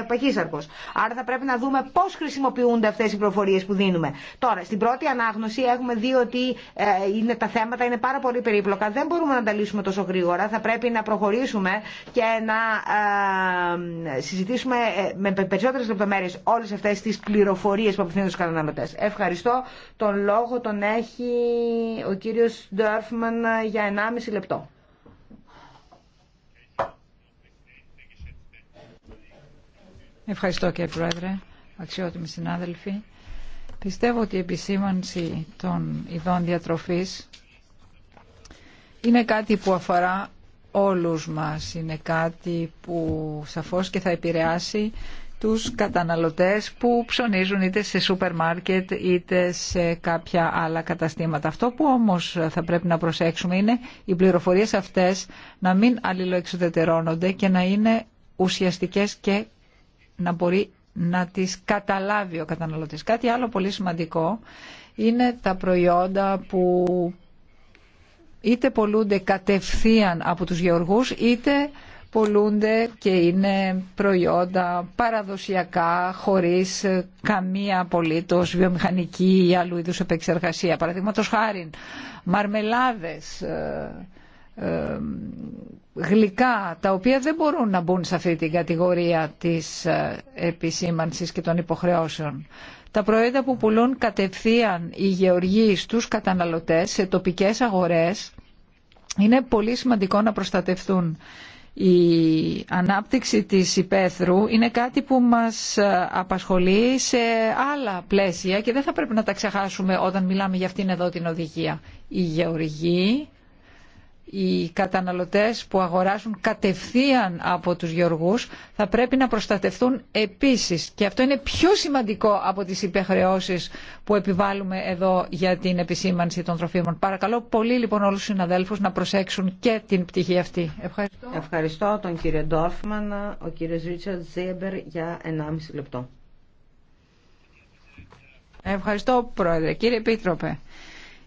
παχύσαρκος. Άρα θα πρέπει να δούμε πώς χρησιμοποιούνται αυτές οι προφορίες που δίνουμε. Τώρα, στην πρώτη ανάγνωση έχουμε δει ότι ε, είναι, τα θέματα είναι πάρα πολύ περίπλοκα. Δεν μπορούμε να τα λύσουμε τόσο γρήγορα. Θα πρέπει να προχωρήσουμε και να ε, συζητήσουμε ε, με περισσότερες λεπτομέρειες όλες αυτές τις πληροφορίες που απευθύνουν τους καταναλωτέ. Ευχαριστώ. Τον λόγο τον έχει ο κύριος Ντόρφμαν για 1,5 λεπτό. Ευχαριστώ κύριε Πρόεδρε, αξιότιμοι συνάδελφοι. Πιστεύω ότι η επισήμανση των ειδών διατροφής είναι κάτι που αφορά όλους μας. Είναι κάτι που σαφώς και θα επηρεάσει τους καταναλωτές που ψωνίζουν είτε σε σούπερ μάρκετ είτε σε κάποια άλλα καταστήματα. Αυτό που όμως θα πρέπει να προσέξουμε είναι οι πληροφορίες αυτές να μην αλληλοεξοδετερώνονται και να είναι ουσιαστικές και να μπορεί να τις καταλάβει ο καταναλωτής. Κάτι άλλο πολύ σημαντικό είναι τα προϊόντα που είτε πολλούνται κατευθείαν από τους γεωργούς είτε πολλούνται και είναι προϊόντα παραδοσιακά χωρίς καμία απολύτως βιομηχανική ή άλλου είδους επεξεργασία. Παραδείγματος χάρη μαρμελάδες, ε, ε, γλυκά τα οποία δεν μπορούν να μπουν σε αυτή την κατηγορία της ε, επισήμανσης και των υποχρεώσεων. Τα προϊόντα που πουλούν κατευθείαν οι γεωργοί στους καταναλωτές σε τοπικές αγορές είναι πολύ σημαντικό να προστατευτούν. Η ανάπτυξη της υπαίθρου είναι κάτι που μας ε, απασχολεί σε άλλα πλαίσια και δεν θα πρέπει να τα ξεχάσουμε όταν μιλάμε για αυτήν εδώ την οδηγία. Η οι καταναλωτές που αγοράζουν κατευθείαν από τους γεωργούς θα πρέπει να προστατευτούν επίσης. Και αυτό είναι πιο σημαντικό από τις υπεχρεώσεις που επιβάλλουμε εδώ για την επισήμανση των τροφίμων. Παρακαλώ πολύ λοιπόν όλους τους συναδέλφους να προσέξουν και την πτυχή αυτή. Ευχαριστώ. Ευχαριστώ τον κύριο Ντόρφμαν, ο κύριος Ρίτσαρτ Ζέμπερ για 1,5 λεπτό. Ευχαριστώ πρόεδρε. Κύριε Επίτροπε.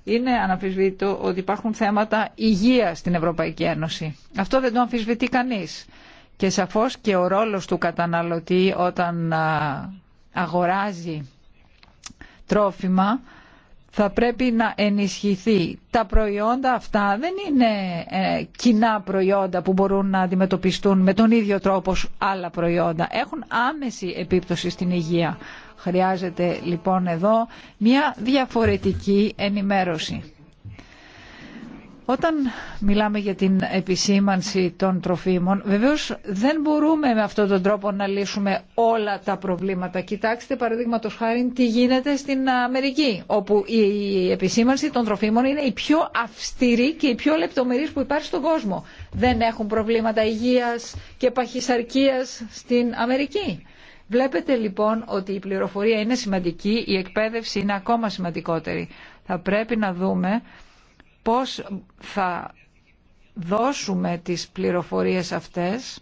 Είναι αναμφισβήτητο ότι υπάρχουν θέματα υγεία στην Ευρωπαϊκή Ένωση. Αυτό δεν το αμφισβητεί κανείς. Και σαφώ και ο ρόλος του καταναλωτή όταν αγοράζει τρόφιμα θα πρέπει να ενισχυθεί. Τα προϊόντα αυτά δεν είναι ε, κοινά προϊόντα που μπορούν να αντιμετωπιστούν με τον ίδιο τρόπο άλλα προϊόντα. Έχουν άμεση επίπτωση στην υγεία. Χρειάζεται λοιπόν εδώ μια διαφορετική ενημέρωση. Όταν μιλάμε για την επισήμανση των τροφίμων, βεβαίως δεν μπορούμε με αυτόν τον τρόπο να λύσουμε όλα τα προβλήματα. Κοιτάξτε παραδείγματο χάρη τι γίνεται στην Αμερική, όπου η επισήμανση των τροφίμων είναι η πιο αυστηρή και η πιο λεπτομερής που υπάρχει στον κόσμο. Δεν έχουν προβλήματα υγείας και παχυσαρκίας στην Αμερική. Βλέπετε λοιπόν ότι η πληροφορία είναι σημαντική, η εκπαίδευση είναι ακόμα σημαντικότερη. Θα πρέπει να δούμε πώς θα δώσουμε τις πληροφορίες αυτές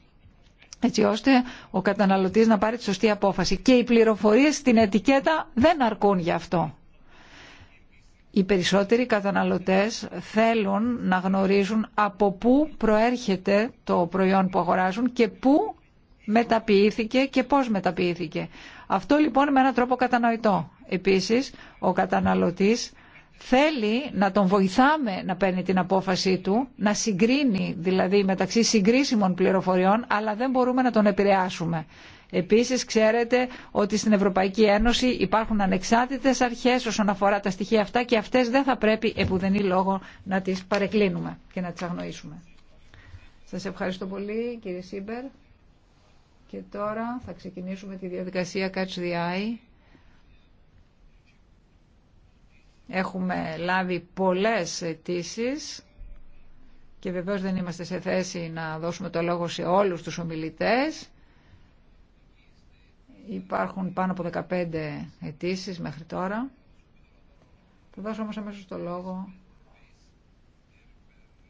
έτσι ώστε ο καταναλωτής να πάρει τη σωστή απόφαση. Και οι πληροφορίες στην ετικέτα δεν αρκούν γι' αυτό. Οι περισσότεροι καταναλωτές θέλουν να γνωρίζουν από πού προέρχεται το προϊόν που αγοράζουν και πού μεταποιήθηκε και πώς μεταποιήθηκε. Αυτό λοιπόν με έναν τρόπο κατανοητό. Επίσης, ο καταναλωτής θέλει να τον βοηθάμε να παίρνει την απόφασή του, να συγκρίνει δηλαδή μεταξύ συγκρίσιμων πληροφοριών, αλλά δεν μπορούμε να τον επηρεάσουμε. Επίσης ξέρετε ότι στην Ευρωπαϊκή Ένωση υπάρχουν ανεξάρτητες αρχές όσον αφορά τα στοιχεία αυτά και αυτές δεν θα πρέπει επουδενή λόγο να τις παρεκκλίνουμε και να τις αγνοήσουμε. Σας ευχαριστώ πολύ κύριε Σίμπερ. Και τώρα θα ξεκινήσουμε τη διαδικασία Catch the Eye. Έχουμε λάβει πολλές αιτήσει και βεβαίως δεν είμαστε σε θέση να δώσουμε το λόγο σε όλους τους ομιλητές. Υπάρχουν πάνω από 15 αιτήσει μέχρι τώρα. Θα δώσω όμως αμέσως το λόγο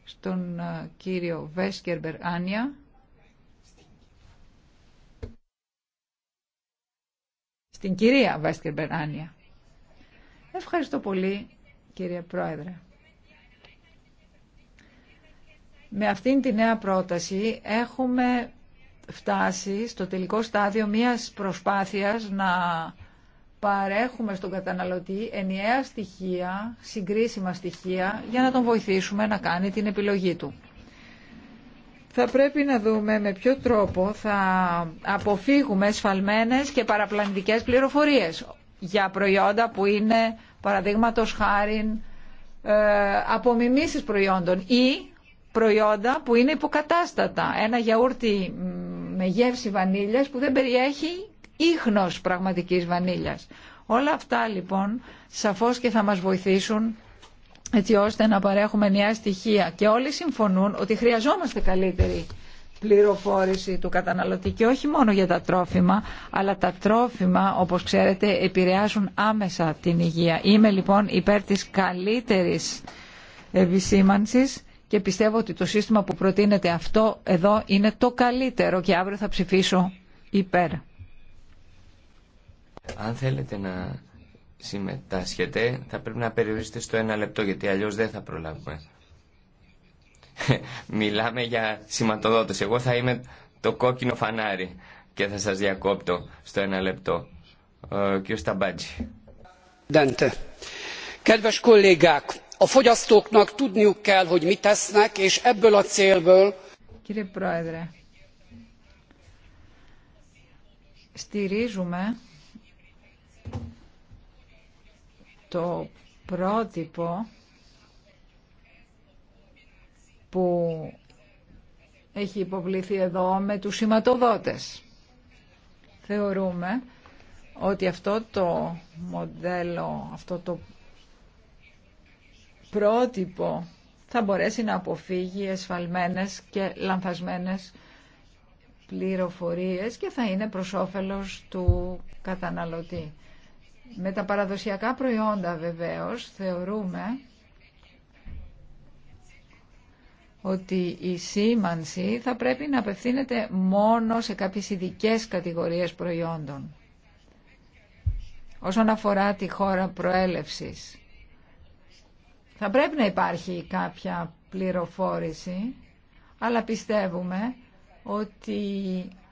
στον ε, κύριο Βέσκερμπερ Άνια την κυρία Βέσκερ Μπερνάνια. Ευχαριστώ πολύ κύριε Πρόεδρε. Με αυτήν τη νέα πρόταση έχουμε φτάσει στο τελικό στάδιο μιας προσπάθειας να παρέχουμε στον καταναλωτή ενιαία στοιχεία, συγκρίσιμα στοιχεία, για να τον βοηθήσουμε να κάνει την επιλογή του θα πρέπει να δούμε με ποιο τρόπο θα αποφύγουμε σφαλμένες και παραπλανητικές πληροφορίες για προϊόντα που είναι παραδείγματος χάριν ε, απομιμήσεις προϊόντων ή προϊόντα που είναι υποκατάστατα. Ένα γιαούρτι με γεύση βανίλιας που δεν περιέχει ίχνος πραγματικής βανίλιας. Όλα αυτά λοιπόν σαφώς και θα μας βοηθήσουν έτσι ώστε να παρέχουμε νέα στοιχεία. Και όλοι συμφωνούν ότι χρειαζόμαστε καλύτερη πληροφόρηση του καταναλωτή και όχι μόνο για τα τρόφιμα, αλλά τα τρόφιμα, όπως ξέρετε, επηρεάζουν άμεσα την υγεία. Είμαι λοιπόν υπέρ της καλύτερης επισήμανσης και πιστεύω ότι το σύστημα που προτείνεται αυτό εδώ είναι το καλύτερο και αύριο θα ψηφίσω υπέρ. Αν συμμετάσχετε θα πρέπει να περιορίσετε στο ένα λεπτό γιατί αλλιώς δεν θα προλάβουμε. Μιλάμε για σηματοδότηση. Εγώ θα είμαι το κόκκινο φανάρι και θα σας διακόπτω στο ένα λεπτό. Ο κ. Σταμπάτζη. Κύριε Πρόεδρε, στηρίζουμε το πρότυπο που έχει υποβληθεί εδώ με τους σηματοδότες. Θεωρούμε ότι αυτό το μοντέλο, αυτό το πρότυπο θα μπορέσει να αποφύγει εσφαλμένες και λανθασμένες πληροφορίες και θα είναι προς του καταναλωτή. Με τα παραδοσιακά προϊόντα βεβαίως θεωρούμε ότι η σήμανση θα πρέπει να απευθύνεται μόνο σε κάποιες ειδικέ κατηγορίες προϊόντων. Όσον αφορά τη χώρα προέλευσης, θα πρέπει να υπάρχει κάποια πληροφόρηση, αλλά πιστεύουμε ότι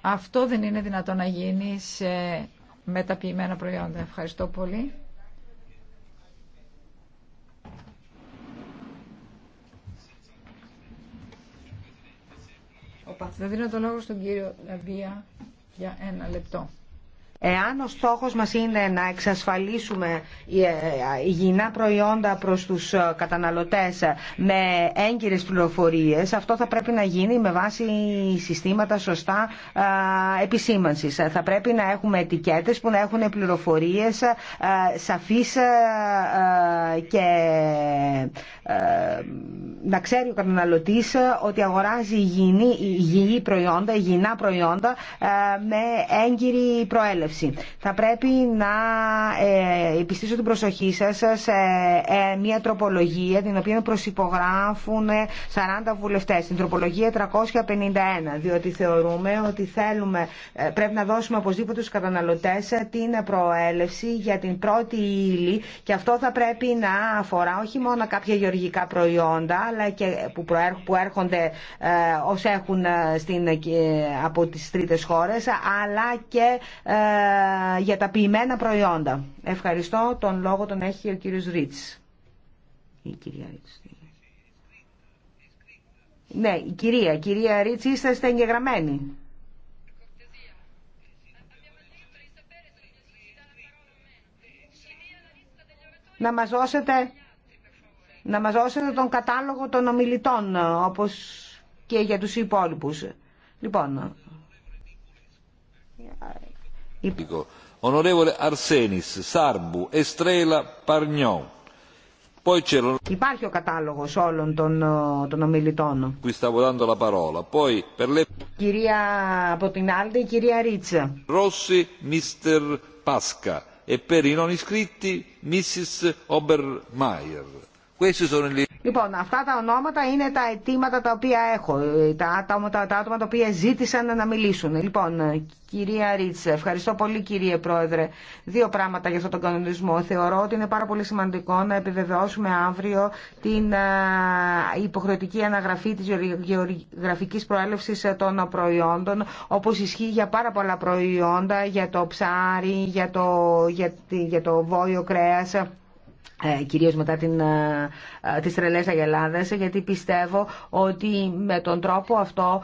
αυτό δεν είναι δυνατό να γίνει σε με τα ποιημένα προϊόντα. Ευχαριστώ πολύ. Θα δίνω το λόγο στον κύριο Λαβία για ένα λεπτό. Εάν ο στόχος μας είναι να εξασφαλίσουμε ε, ε, υγιεινά προϊόντα προς τους ε, καταναλωτές με έγκυρες πληροφορίες, αυτό θα πρέπει να γίνει με βάση συστήματα σωστά επισήμανσης. Θα πρέπει να έχουμε ετικέτες που να έχουν πληροφορίες σαφείς και να ξέρει ο καταναλωτής ότι αγοράζει υγιεινή, προϊόντα, υγιεινά προϊόντα με έγκυρη προέλευση. Θα πρέπει να ε, επιστήσω την προσοχή σας σε ε, μια τροπολογία την οποία προσυπογράφουν 40 ε, βουλευτές, την τροπολογία 351, διότι θεωρούμε ότι θέλουμε, πρέπει να δώσουμε οπωσδήποτε στους καταναλωτές την προέλευση για την πρώτη ύλη και αυτό θα πρέπει να αφορά όχι μόνο κάποια γεωργικά προϊόντα αλλά και που, που έρχονται ως έχουν στην, από τις τρίτες χώρες αλλά και για τα ποιημένα προϊόντα. Ευχαριστώ. Τον λόγο τον έχει ο κύριος Ρίτς. Η κυρία Ρίτς. Ναι, η κυρία, κυρία Ρίτς, είστε εγγεγραμμένοι. Να μας δώσετε, να μας δώσετε τον κατάλογο των ομιλητών, όπως και για τους υπόλοιπους. Λοιπόν, Υπάρχει ο κατάλογος όλων των, ε, των ομιλητών. Κυρία από την Άλντε, κυρία Ρίτσα. Ρώση, Μίστερ Πάσκα. Λοιπόν, αυτά τα ονόματα είναι τα αιτήματα τα οποία έχω, τα άτομα τα, άτομα οποία ζήτησαν να μιλήσουν. Λοιπόν, κυρία Ρίτσε, ευχαριστώ πολύ κύριε Πρόεδρε. Δύο πράγματα για αυτόν τον κανονισμό. Θεωρώ ότι είναι πάρα πολύ σημαντικό να επιβεβαιώσουμε αύριο την υποχρεωτική αναγραφή της γεωγραφικής προέλευσης των προϊόντων, όπως ισχύει για πάρα πολλά προϊόντα, για το ψάρι, για το, για, για το βόλιο κρέας ε, κυρίως μετά την, ε, ε, τις τρελές αγελάδες, γιατί πιστεύω ότι με τον τρόπο αυτό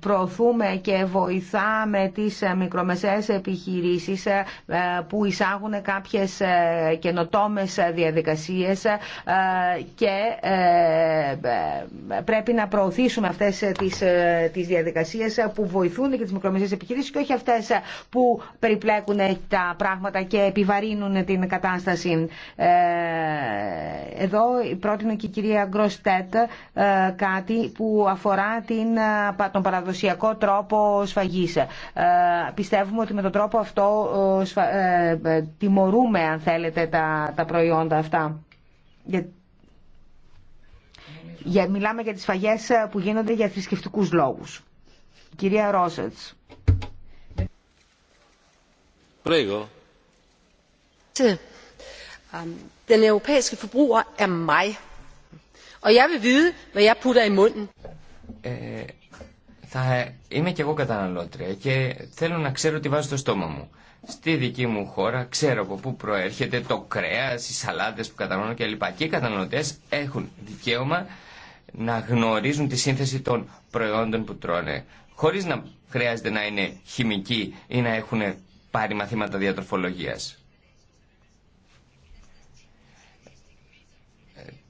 προωθούμε και βοηθάμε τις μικρομεσαίες επιχειρήσεις που εισάγουν κάποιες καινοτόμες διαδικασίες και πρέπει να προωθήσουμε αυτές τις, τις διαδικασίες που βοηθούν και τις μικρομεσαίες επιχειρήσεις και όχι αυτές που περιπλέκουν τα πράγματα και επιβαρύνουν την κατάσταση ε, εδώ πρότεινε και η κυρία Γκροστέτ ε, κάτι που αφορά την, ε, τον παραδοσιακό τρόπο σφαγής. Πιστεύουμε ότι με τον τρόπο αυτό τιμωρούμε, αν θέλετε, τα, τα προϊόντα αυτά. Για, μιλάμε για τις σφαγές που γίνονται για θρησκευτικού λόγους. κυρία Ρόσετς. Πρέγω den europæiske forbruger er θα είμαι και εγώ καταναλώτρια και θέλω να ξέρω τι βάζω στο στόμα μου. Στη δική μου χώρα ξέρω από πού προέρχεται το κρέας, οι σαλάτες που καταναλώνω κλπ. Και οι καταναλωτές έχουν δικαίωμα να γνωρίζουν τη σύνθεση των προϊόντων που τρώνε. Χωρίς να χρειάζεται να είναι χημικοί ή να έχουν πάρει μαθήματα διατροφολογίας.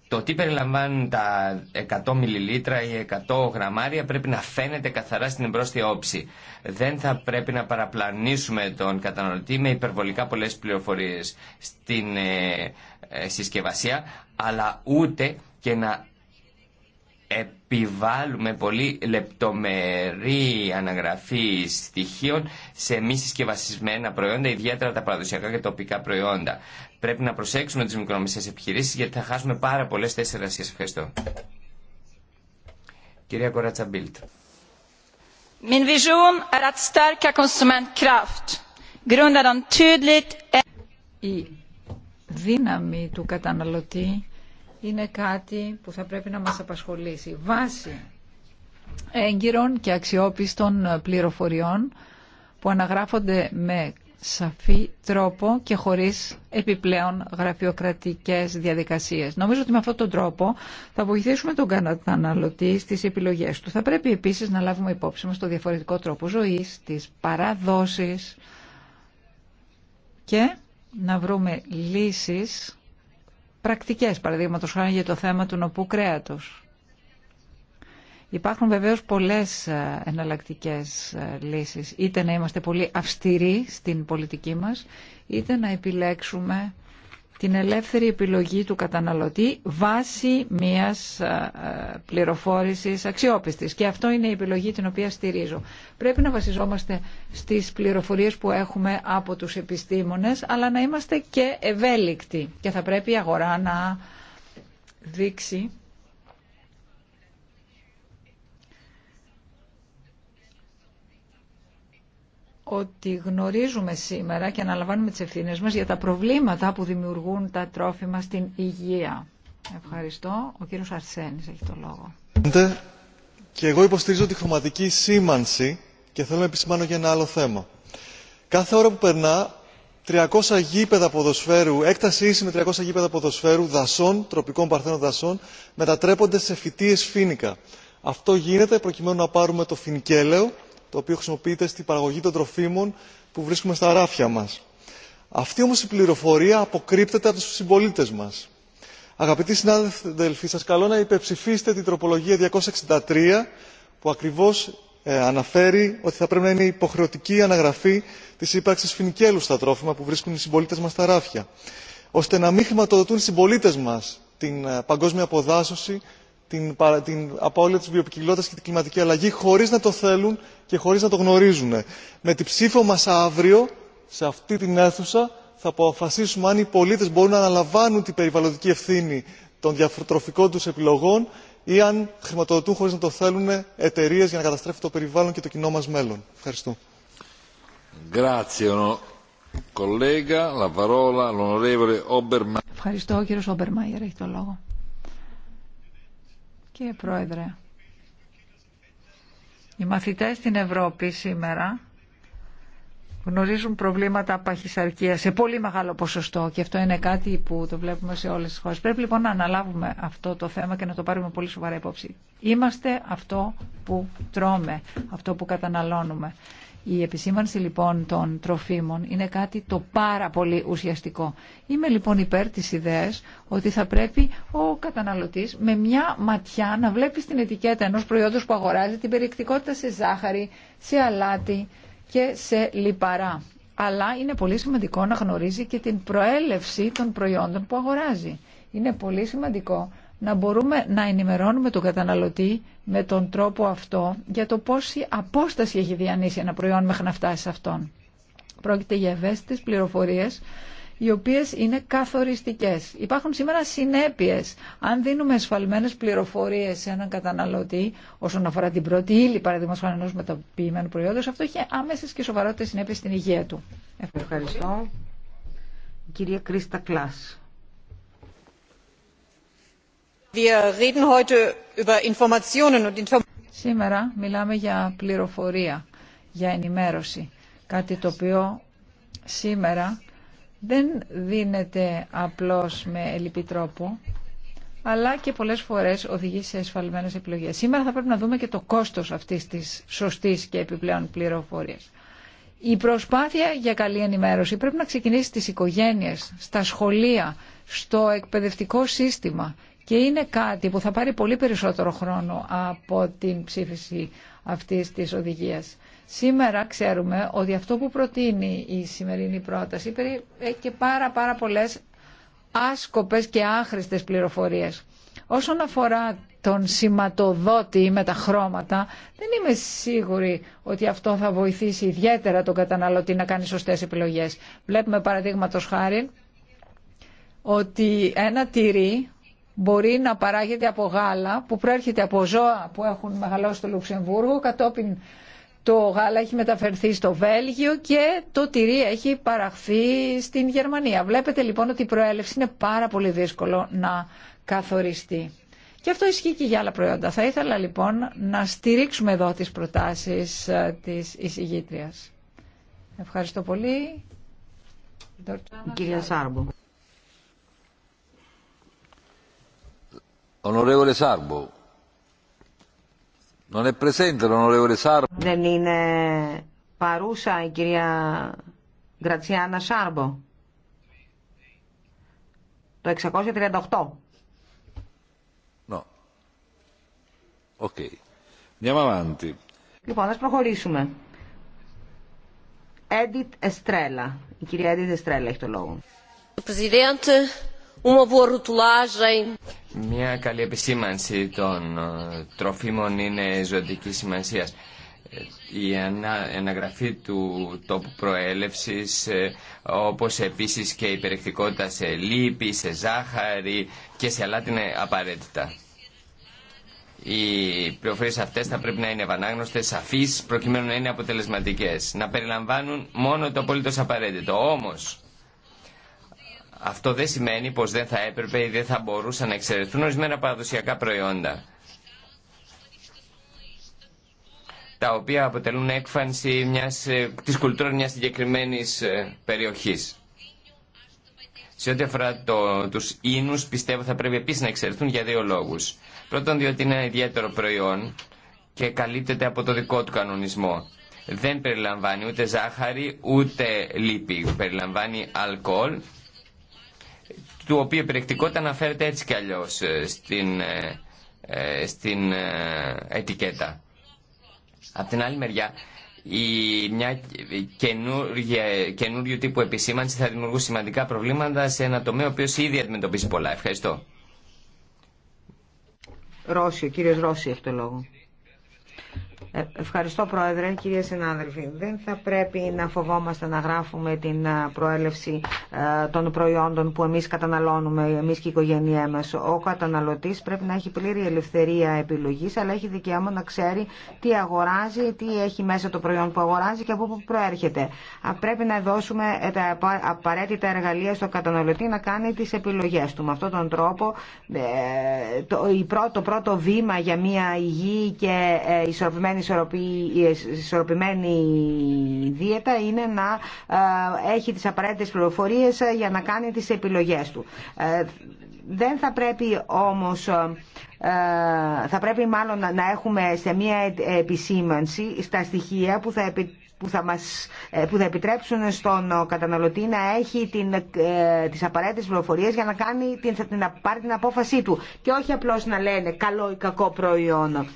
Το τι περιλαμβάνουν τα 100 μιλιλίτρα ή 100 γραμμάρια πρέπει να φαίνεται καθαρά στην εμπρόστια όψη. Δεν θα πρέπει να παραπλανήσουμε τον καταναλωτή με υπερβολικά πολλές πληροφορίες στην ε, ε, συσκευασία, αλλά ούτε και να επιβάλλουμε πολύ λεπτομερή αναγραφή στοιχείων σε μη συσκευασισμένα προϊόντα, ιδιαίτερα τα παραδοσιακά και τοπικά προϊόντα. Πρέπει να προσέξουμε τις μικρομεσαίες επιχειρήσεις γιατί θα χάσουμε πάρα πολλές τέσσερα εργασίας. Ευχαριστώ. Κυρία Κοράτσα Μπίλτ. Η δύναμη του καταναλωτή είναι κάτι που θα πρέπει να μας απασχολήσει. Βάση έγκυρων και αξιόπιστων πληροφοριών που αναγράφονται με σαφή τρόπο και χωρίς επιπλέον γραφειοκρατικές διαδικασίες. Νομίζω ότι με αυτόν τον τρόπο θα βοηθήσουμε τον καταναλωτή στις επιλογές του. Θα πρέπει επίσης να λάβουμε υπόψη μας το διαφορετικό τρόπο ζωής, τις παραδόσεις και να βρούμε λύσεις πρακτικές, παραδείγματος χάρη για το θέμα του νοπού κρέατος. Υπάρχουν βεβαίως πολλές ε, εναλλακτικές ε, λύσεις, είτε να είμαστε πολύ αυστηροί στην πολιτική μας, είτε να επιλέξουμε την ελεύθερη επιλογή του καταναλωτή βάσει μιας ε, πληροφόρησης αξιόπιστης. Και αυτό είναι η επιλογή την οποία στηρίζω. Πρέπει να βασιζόμαστε στις πληροφορίες που έχουμε από τους επιστήμονες, αλλά να είμαστε και ευέλικτοι. Και θα πρέπει η αγορά να δείξει ότι γνωρίζουμε σήμερα και αναλαμβάνουμε τις ευθύνες μας για τα προβλήματα που δημιουργούν τα τρόφιμα στην υγεία. Ευχαριστώ. Ο κύριος Αρσένης έχει το λόγο. Και εγώ υποστηρίζω τη χρωματική σήμανση και θέλω να επισημάνω για ένα άλλο θέμα. Κάθε ώρα που περνά, 300 γήπεδα ποδοσφαίρου, έκταση ίση με 300 γήπεδα ποδοσφαίρου δασών, τροπικών παρθένων δασών, μετατρέπονται σε φυτίες φίνικα. Αυτό γίνεται προκειμένου να πάρουμε το φινικέλαιο το οποίο χρησιμοποιείται στην παραγωγή των τροφίμων που βρίσκουμε στα ράφια μας. Αυτή όμως η πληροφορία αποκρύπτεται από τους συμπολίτε μας. Αγαπητοί συνάδελφοι, σας καλώ να υπεψηφίσετε την τροπολογία 263 που ακριβώς ε, αναφέρει ότι θα πρέπει να είναι υποχρεωτική η αναγραφή της ύπαρξης φινικέλου στα τρόφιμα που βρίσκουν οι συμπολίτες μας στα ράφια, ώστε να μην χρηματοδοτούν οι συμπολίτες μας την ε, παγκόσμια αποδάσωση την, την απώλεια της βιοποικιλότητας και την κλιματική αλλαγή χωρίς να το θέλουν και χωρίς να το γνωρίζουν. Με την ψήφο μας αύριο, σε αυτή την αίθουσα, θα αποφασίσουμε αν οι πολίτες μπορούν να αναλαμβάνουν την περιβαλλοντική ευθύνη των διατροφικών τους επιλογών ή αν χρηματοδοτούν χωρίς να το θέλουν εταιρείες για να καταστρέφουν το περιβάλλον και το κοινό μας μέλλον. Ευχαριστώ. Ευχαριστώ, κύριος Όμπερμαϊερ, έχει το λόγο. Κύριε Πρόεδρε, οι μαθητές στην Ευρώπη σήμερα γνωρίζουν προβλήματα παχυσαρκίας σε πολύ μεγάλο ποσοστό και αυτό είναι κάτι που το βλέπουμε σε όλες τις χώρες. Πρέπει λοιπόν να αναλάβουμε αυτό το θέμα και να το πάρουμε πολύ σοβαρά υπόψη. Είμαστε αυτό που τρώμε, αυτό που καταναλώνουμε. Η επισήμανση λοιπόν των τροφίμων είναι κάτι το πάρα πολύ ουσιαστικό. Είμαι λοιπόν υπέρ της ιδέας ότι θα πρέπει ο καταναλωτής με μια ματιά να βλέπει στην ετικέτα ενός προϊόντος που αγοράζει την περιεκτικότητα σε ζάχαρη, σε αλάτι και σε λιπαρά. Αλλά είναι πολύ σημαντικό να γνωρίζει και την προέλευση των προϊόντων που αγοράζει. Είναι πολύ σημαντικό να μπορούμε να ενημερώνουμε τον καταναλωτή με τον τρόπο αυτό για το πόση απόσταση έχει διανύσει ένα προϊόν μέχρι να φτάσει σε αυτόν. Πρόκειται για ευαίσθητες πληροφορίες οι οποίες είναι καθοριστικές. Υπάρχουν σήμερα συνέπειες. Αν δίνουμε εσφαλμένες πληροφορίες σε έναν καταναλωτή όσον αφορά την πρώτη ύλη παραδείγματος ενός μεταποιημένου προϊόντος, αυτό έχει άμεσες και σοβαρότητες συνέπειες στην υγεία του. Ευχαριστώ. Κυρία Κρίστα Κλάς. Σήμερα μιλάμε για πληροφορία, για ενημέρωση, κάτι το οποίο σήμερα δεν δίνεται απλώς με ελλειπή τρόπο, αλλά και πολλές φορές οδηγεί σε εσφαλμένες επιλογές. Σήμερα θα πρέπει να δούμε και το κόστος αυτής της σωστής και επιπλέον πληροφορίας. Η προσπάθεια για καλή ενημέρωση πρέπει να ξεκινήσει στις οικογένειες, στα σχολεία, στο εκπαιδευτικό σύστημα και είναι κάτι που θα πάρει πολύ περισσότερο χρόνο από την ψήφιση αυτής της οδηγίας. Σήμερα ξέρουμε ότι αυτό που προτείνει η σημερινή πρόταση έχει ε, και πάρα πάρα πολλές άσκοπες και άχρηστες πληροφορίες. Όσον αφορά τον σηματοδότη με τα χρώματα, δεν είμαι σίγουρη ότι αυτό θα βοηθήσει ιδιαίτερα τον καταναλωτή να κάνει σωστές επιλογές. Βλέπουμε παραδείγματος χάρη ότι ένα τυρί μπορεί να παράγεται από γάλα που προέρχεται από ζώα που έχουν μεγαλώσει στο Λουξεμβούργο, κατόπιν το γάλα έχει μεταφερθεί στο Βέλγιο και το τυρί έχει παραχθεί στην Γερμανία. Βλέπετε λοιπόν ότι η προέλευση είναι πάρα πολύ δύσκολο να καθοριστεί. Και αυτό ισχύει και για άλλα προϊόντα. Θα ήθελα λοιπόν να στηρίξουμε εδώ τις προτάσεις ε, της εισηγήτριας. Ευχαριστώ πολύ. Κυρία Σάρμπο. Onorevole Sarbo. Non è presente l'onorevole Sarbo. Δεν είναι παρούσα η κυρία Γκρατσιάνα Σάρμπο. Το 638. No. Ok. Andiamo avanti. Λοιπόν, ας προχωρήσουμε. Edith Estrella. Η κυρία Edith Estrella έχει το λόγο. Presidente, uma boa rotulagem μια καλή επισήμανση των ε, τροφίμων είναι ζωτική σημασίας. Ε, η αναγραφή του τόπου προέλευσης, ε, όπως επίσης και η περιεκτικότητα σε λίπη, σε ζάχαρη και σε αλάτι είναι απαραίτητα. Οι πληροφορίε αυτέ θα πρέπει να είναι ευανάγνωστε, σαφεί, προκειμένου να είναι αποτελεσματικέ. Να περιλαμβάνουν μόνο το απολύτω απαραίτητο. Όμω, αυτό δεν σημαίνει πως δεν θα έπρεπε ή δεν θα μπορούσαν να εξαιρεθούν ορισμένα παραδοσιακά προϊόντα τα οποία αποτελούν έκφανση μιας, ε, της κουλτούρας μιας συγκεκριμένης ε, περιοχής. Σε ό,τι αφορά το, τους ίνους, πιστεύω θα πρέπει επίσης να εξαιρεθούν για δύο λόγους. Πρώτον, διότι είναι ένα ιδιαίτερο προϊόν και καλύπτεται από το δικό του κανονισμό. Δεν περιλαμβάνει ούτε ζάχαρη, ούτε λίπη. Περιλαμβάνει αλκοόλ του οποίου επιρρεκτικότητα αναφέρεται έτσι κι αλλιώς ε, στην, ε, ε, ετικέτα. Απ' την άλλη μεριά, η, μια καινούργιο τύπου επισήμανση θα δημιουργούσε σημαντικά προβλήματα σε ένα τομέα ο οποίος ήδη αντιμετωπίζει πολλά. Ευχαριστώ. Ρώσιο, κύριε Ρώσιο, αυτό το λόγο. Ε, ευχαριστώ Πρόεδρε, κυρία συνάδελφοι. Δεν θα πρέπει να φοβόμαστε να γράφουμε την ε, προέλευση ε, των προϊόντων που εμείς καταναλώνουμε, εμείς και η οικογένειά μας. Ο καταναλωτής πρέπει να έχει πλήρη ελευθερία επιλογής, αλλά έχει δικαίωμα να ξέρει τι αγοράζει, τι έχει μέσα το προϊόν που αγοράζει και από πού προέρχεται. Πρέπει να δώσουμε τα απαραίτητα εργαλεία στον καταναλωτή να κάνει τις επιλογές του. Με αυτόν τον τρόπο το πρώτο βήμα για μια υγιή και ισορροπημένη ισορροπημένη δίαιτα είναι να ε, έχει τις απαραίτητες πληροφορίες ε, για να κάνει τις επιλογές του. Ε, δεν θα πρέπει όμως θα πρέπει μάλλον να έχουμε σε μια επισήμανση στα στοιχεία που θα επιτρέψουν που επιτρέψουν στον καταναλωτή να έχει την, ε, τις απαραίτητες πληροφορίες για να, κάνει, την, να πάρει την απόφασή του και όχι απλώς να λένε καλό ή κακό προϊόν.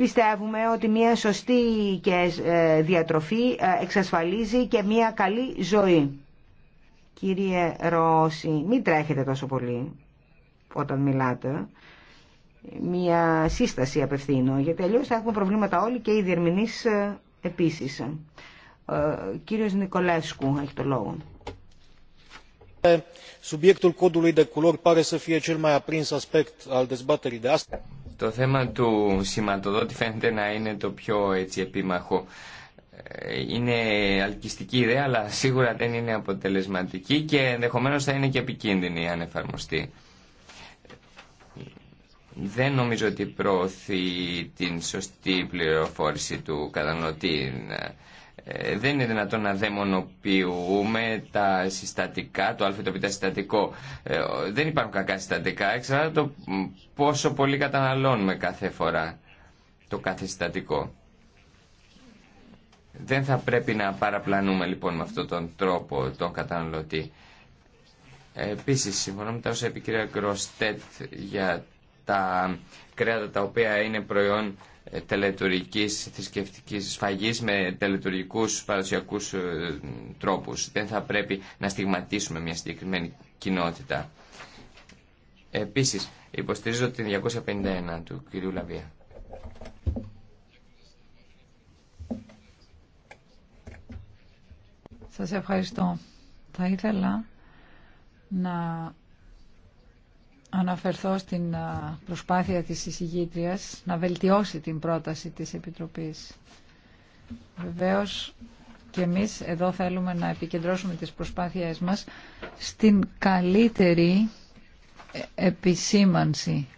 Πιστεύουμε ότι μια σωστή και ε, διατροφή ε, εξασφαλίζει και μια καλή ζωή. Κύριε Ρώση, μην τρέχετε τόσο πολύ όταν μιλάτε. Μια σύσταση απευθύνω, γιατί αλλιώς θα έχουμε προβλήματα όλοι και οι διερμηνείς ε, επίσης. κύριος Νικολέσκου έχει το λόγο. Subiectul codului de culori pare să fie cel mai aprins aspect al dezbaterii de astăzi. Το θέμα του σηματοδότη φαίνεται να είναι το πιο έτσι, επίμαχο. Ε, είναι αλκιστική ιδέα, αλλά σίγουρα δεν είναι αποτελεσματική και ενδεχομένω θα είναι και επικίνδυνη αν εφαρμοστεί. Δεν νομίζω ότι προωθεί την σωστή πληροφόρηση του κατανοτή. Ε, ε, δεν είναι δυνατόν να δαιμονοποιούμε τα συστατικά, το α το β συστατικό. Ε, δεν υπάρχουν κακά συστατικά, εξαρτάται το πόσο πολύ καταναλώνουμε κάθε φορά το κάθε συστατικό. Δεν θα πρέπει να παραπλανούμε λοιπόν με αυτόν τον τρόπο τον καταναλωτή. Ε, επίσης, συμφωνώ με τα όσα είπε η για τα κρέατα τα οποία είναι προϊόν ε, τελετουργικής θρησκευτική σφαγής με τελετουργικούς παραδοσιακούς ε, τρόπους. Δεν θα πρέπει να στιγματίσουμε μια συγκεκριμένη κοινότητα. Επίσης, υποστηρίζω την 251 του κυρίου Λαβία. Σας ευχαριστώ. Θα ήθελα να αναφερθώ στην προσπάθεια της εισηγήτριας να βελτιώσει την πρόταση της Επιτροπής. Βεβαίως και εμείς εδώ θέλουμε να επικεντρώσουμε τις προσπάθειές μας στην καλύτερη ε, επισήμανση.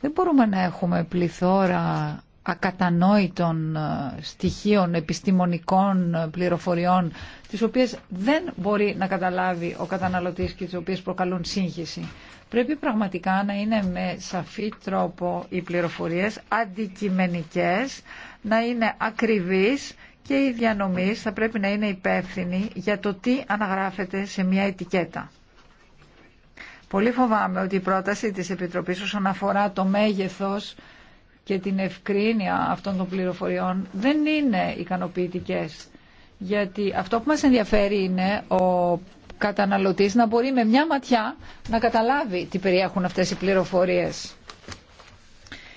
Δεν μπορούμε να έχουμε πληθώρα ακατανόητων ε, στοιχείων, επιστημονικών ε, πληροφοριών, τις οποίες δεν μπορεί να καταλάβει ο καταναλωτής και τις οποίες προκαλούν σύγχυση. Πρέπει πραγματικά να είναι με σαφή τρόπο οι πληροφορίες αντικειμενικές, να είναι ακριβείς και οι διανομής θα πρέπει να είναι υπεύθυνοι για το τι αναγράφεται σε μια ετικέτα. Πολύ φοβάμαι ότι η πρόταση της Επιτροπής όσον αφορά το μέγεθος και την ευκρίνεια αυτών των πληροφοριών δεν είναι ικανοποιητικές. Γιατί αυτό που μας ενδιαφέρει είναι ο καταναλωτής να μπορεί με μια ματιά να καταλάβει τι περιέχουν αυτές οι πληροφορίες.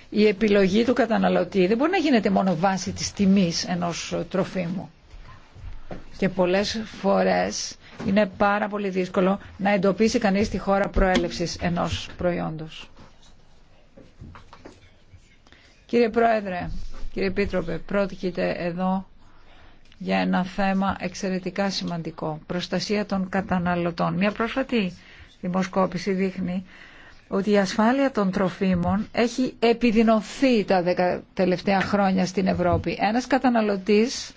Η επιλογή του καταναλωτή δεν μπορεί να γίνεται μόνο βάση της τιμής ενός τροφίμου. Και πολλές φορές είναι πάρα πολύ δύσκολο να εντοπίσει κανείς τη χώρα προέλευσης ενός προϊόντος. Κύριε Πρόεδρε, κύριε Επίτροπε, πρόκειται εδώ για ένα θέμα εξαιρετικά σημαντικό, προστασία των καταναλωτών. Μια πρόσφατη δημοσκόπηση δείχνει ότι η ασφάλεια των τροφίμων έχει επιδεινωθεί τα τελευταία χρόνια στην Ευρώπη. Ένας καταναλωτής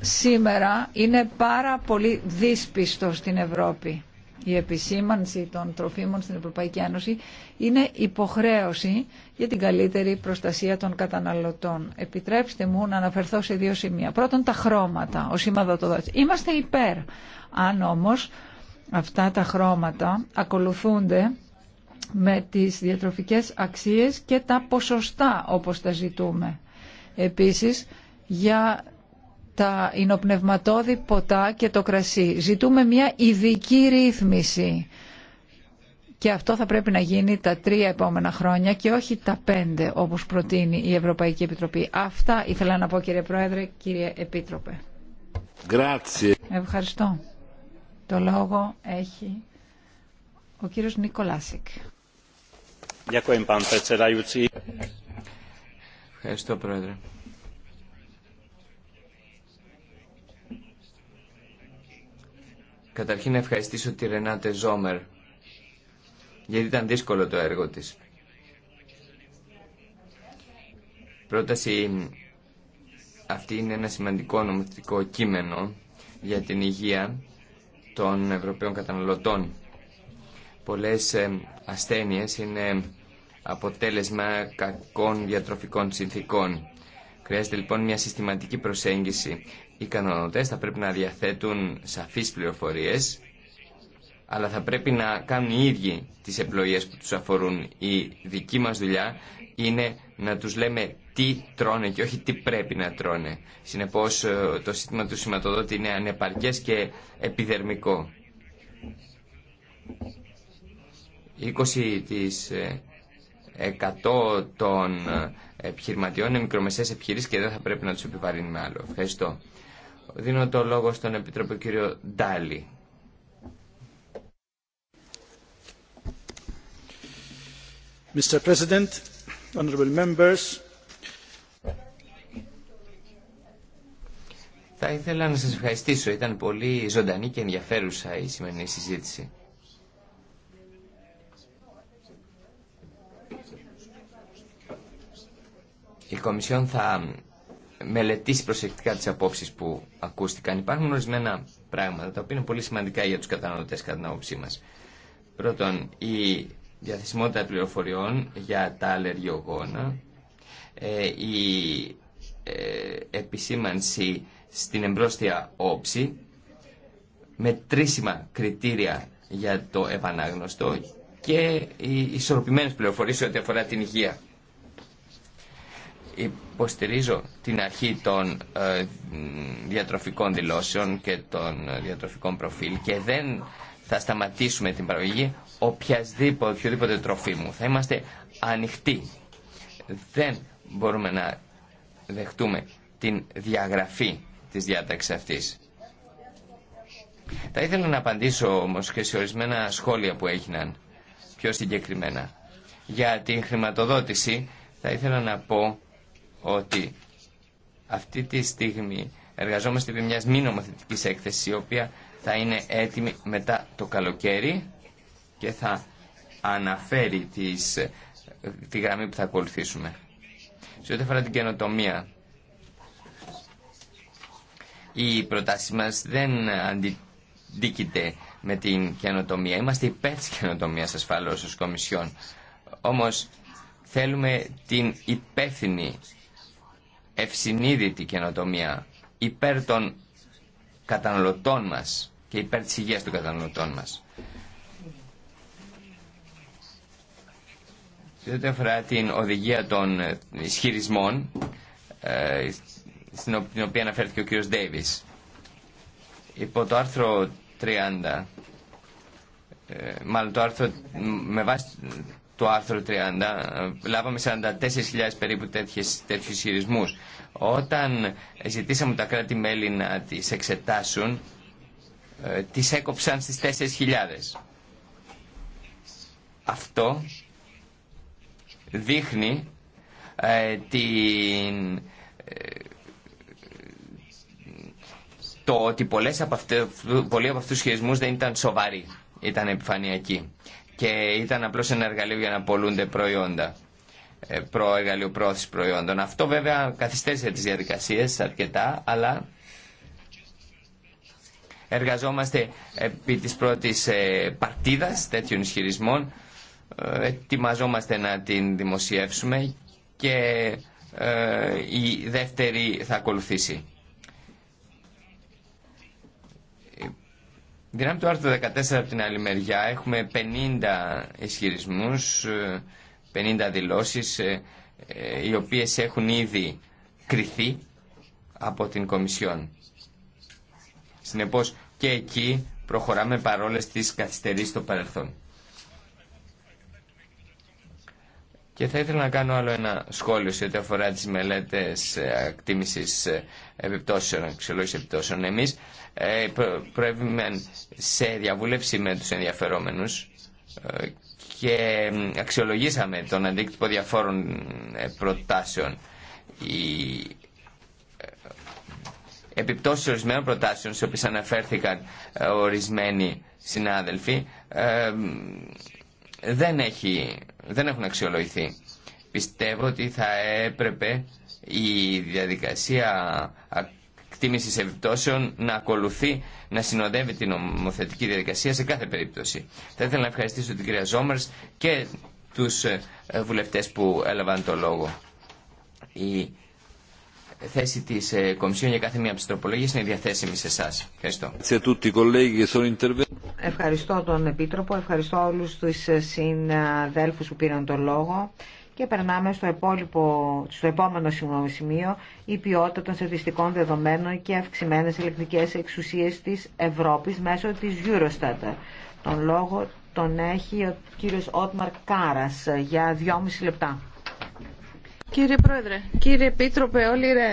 σήμερα είναι πάρα πολύ δύσπιστο στην Ευρώπη η επισήμανση των τροφίμων στην Ευρωπαϊκή Ένωση είναι υποχρέωση για την καλύτερη προστασία των καταναλωτών. Επιτρέψτε μου να αναφερθώ σε δύο σημεία. Πρώτον, τα χρώματα, ο σήμαδοτοδότης. Είμαστε υπέρ. Αν όμως αυτά τα χρώματα ακολουθούνται με τις διατροφικές αξίες και τα ποσοστά όπως τα ζητούμε. Επίσης, για τα υνοπνευματόδη ποτά και το κρασί. Ζητούμε μια ειδική ρύθμιση. Και αυτό θα πρέπει να γίνει τα τρία επόμενα χρόνια και όχι τα πέντε όπως προτείνει η Ευρωπαϊκή Επιτροπή. Αυτά ήθελα να πω κύριε Πρόεδρε, κύριε Επίτροπε. Ευχαριστώ. Το λόγο έχει ο κύριος Νικολάσικ. Ευχαριστώ Πρόεδρε. Καταρχήν να ευχαριστήσω τη Ρενάτε Ζόμερ, γιατί ήταν δύσκολο το έργο της. Πρόταση αυτή είναι ένα σημαντικό νομοθετικό κείμενο για την υγεία των Ευρωπαίων καταναλωτών. Πολλές ε, ασθένειες είναι αποτέλεσμα κακών διατροφικών συνθήκων. Χρειάζεται λοιπόν μια συστηματική προσέγγιση οι κανονωτές θα πρέπει να διαθέτουν σαφείς πληροφορίες αλλά θα πρέπει να κάνουν οι ίδιοι τις επιλογές που τους αφορούν. Η δική μας δουλειά είναι να τους λέμε τι τρώνε και όχι τι πρέπει να τρώνε. Συνεπώς ε, το σύστημα του σηματοδότη είναι ανεπαρκές και επιδερμικό. 20% ε, των ε, επιχειρηματιών είναι μικρομεσαίες επιχειρήσεις και δεν θα πρέπει να τους επιβαρύνουμε άλλο. Ευχαριστώ. Δίνω το λόγο στον Επιτρόπο κύριο Ντάλι. Mr. President, honorable members. Θα ήθελα να σας ευχαριστήσω. Ήταν πολύ ζωντανή και ενδιαφέρουσα η σημερινή συζήτηση. Η Κομισιόν θα μελετήσει προσεκτικά τις απόψει που ακούστηκαν. Υπάρχουν ορισμένα πράγματα τα οποία είναι πολύ σημαντικά για τους καταναλωτές κατά την άποψή μας. Πρώτον, η διαθεσιμότητα πληροφοριών για τα αλλεργιογόνα, ε, η ε, επισήμανση στην εμπρόστια όψη, μετρήσιμα κριτήρια για το επανάγνωστο και οι ισορροπημένες πληροφορίες ό,τι αφορά την υγεία υποστηρίζω την αρχή των ε, διατροφικών δηλώσεων και των ε, διατροφικών προφίλ και δεν θα σταματήσουμε την παραγωγή οποιασδήποτε, οποιοδήποτε μου. Θα είμαστε ανοιχτοί. Δεν μπορούμε να δεχτούμε την διαγραφή της διάταξης αυτής. Θα ήθελα να απαντήσω όμως και σε ορισμένα σχόλια που έγιναν πιο συγκεκριμένα. Για την χρηματοδότηση θα ήθελα να πω ότι αυτή τη στιγμή εργαζόμαστε επί μιας μη νομοθετικής έκθεσης η οποία θα είναι έτοιμη μετά το καλοκαίρι και θα αναφέρει τις, τη γραμμή που θα ακολουθήσουμε. Σε ό,τι αφορά την καινοτομία, η προτάση μας δεν αντιδίκεται με την καινοτομία. Είμαστε υπέρ της καινοτομίας ασφαλώς ως Κομισιόν. Όμως θέλουμε την υπεύθυνη ευσυνείδητη καινοτομία υπέρ των καταναλωτών μας και υπέρ της υγείας των καταναλωτών μας. Σε ό,τι αφορά την οδηγία των ισχυρισμών, ε, στην οποία αναφέρθηκε ο κύριος Ντέιβις, υπό το άρθρο 30, ε, μάλλον το άρθρο, με βάση το άρθρο 30. Ε, λάβαμε 44.000 περίπου τέτοιες, τέτοιους Όταν ζητήσαμε τα κράτη-μέλη να τις εξετάσουν, ε, τις έκοψαν στις 4.000. Αυτό δείχνει ε, την, το ότι πολλές από αυτές, πολλοί από αυτούς τους χειρισμούς δεν ήταν σοβαροί, ήταν επιφανειακοί και ήταν απλώ ένα εργαλείο για να πολλούνται προϊόντα ε, προεργαλείο πρόθεση προϊόντων. Αυτό βέβαια καθυστέρησε τις διαδικασίες αρκετά, αλλά εργαζόμαστε επί της πρώτης ε, παρτίδα τέτοιων ισχυρισμών, ε, ετοιμαζόμαστε να την δημοσιεύσουμε και η δεύτερη θα ακολουθήσει. Δυνάμει του άρθρου 14 από την άλλη μεριά έχουμε 50 ισχυρισμούς, 50 ε, δηλώσεις ε, ε, οι οποίες έχουν ήδη κριθεί από την Κομισιόν. Συνεπώς και εκεί προχωράμε παρόλες τις καθυστερήσεις στο παρελθόν. Και θα ήθελα να κάνω άλλο ένα σχόλιο σε ό,τι αφορά τις μελέτες ακτίμησης ε, ε, επιπτώσεων, αξιολόγηση επιπτώσεων. Εμείς ε, προέβημε σε διαβούλευση με τους ενδιαφερόμενους και αξιολογήσαμε τον αντίκτυπο διαφόρων προτάσεων. Οι επιπτώσεις ορισμένων προτάσεων, στις οποίες αναφέρθηκαν ορισμένοι συνάδελφοι, δεν έχει δεν έχουν αξιολογηθεί. Πιστεύω ότι θα έπρεπε η διαδικασία εκτίμηση επιπτώσεων να ακολουθεί, να συνοδεύει την νομοθετική διαδικασία σε κάθε περίπτωση. Θα ήθελα να ευχαριστήσω την κυρία Ζόμερ και του ε, βουλευτέ που έλαβαν το λόγο θέση της ε, Κομισιόν για κάθε μία από τις τροπολογίες είναι διαθέσιμη σε εσά. Ευχαριστώ. Ευχαριστώ τον Επίτροπο, ευχαριστώ όλους τους συναδέλφου που πήραν τον λόγο και περνάμε στο, επόμενο σημείο η ποιότητα των στατιστικών δεδομένων και αυξημένε ελεκτρικέ εξουσίες της Ευρώπης μέσω της Eurostat. Τον λόγο τον έχει ο κύριος Ότμαρ Κάρας για δυόμιση λεπτά. Κύριε Πρόεδρε, κύριε Επίτροπε, όλοι ρε.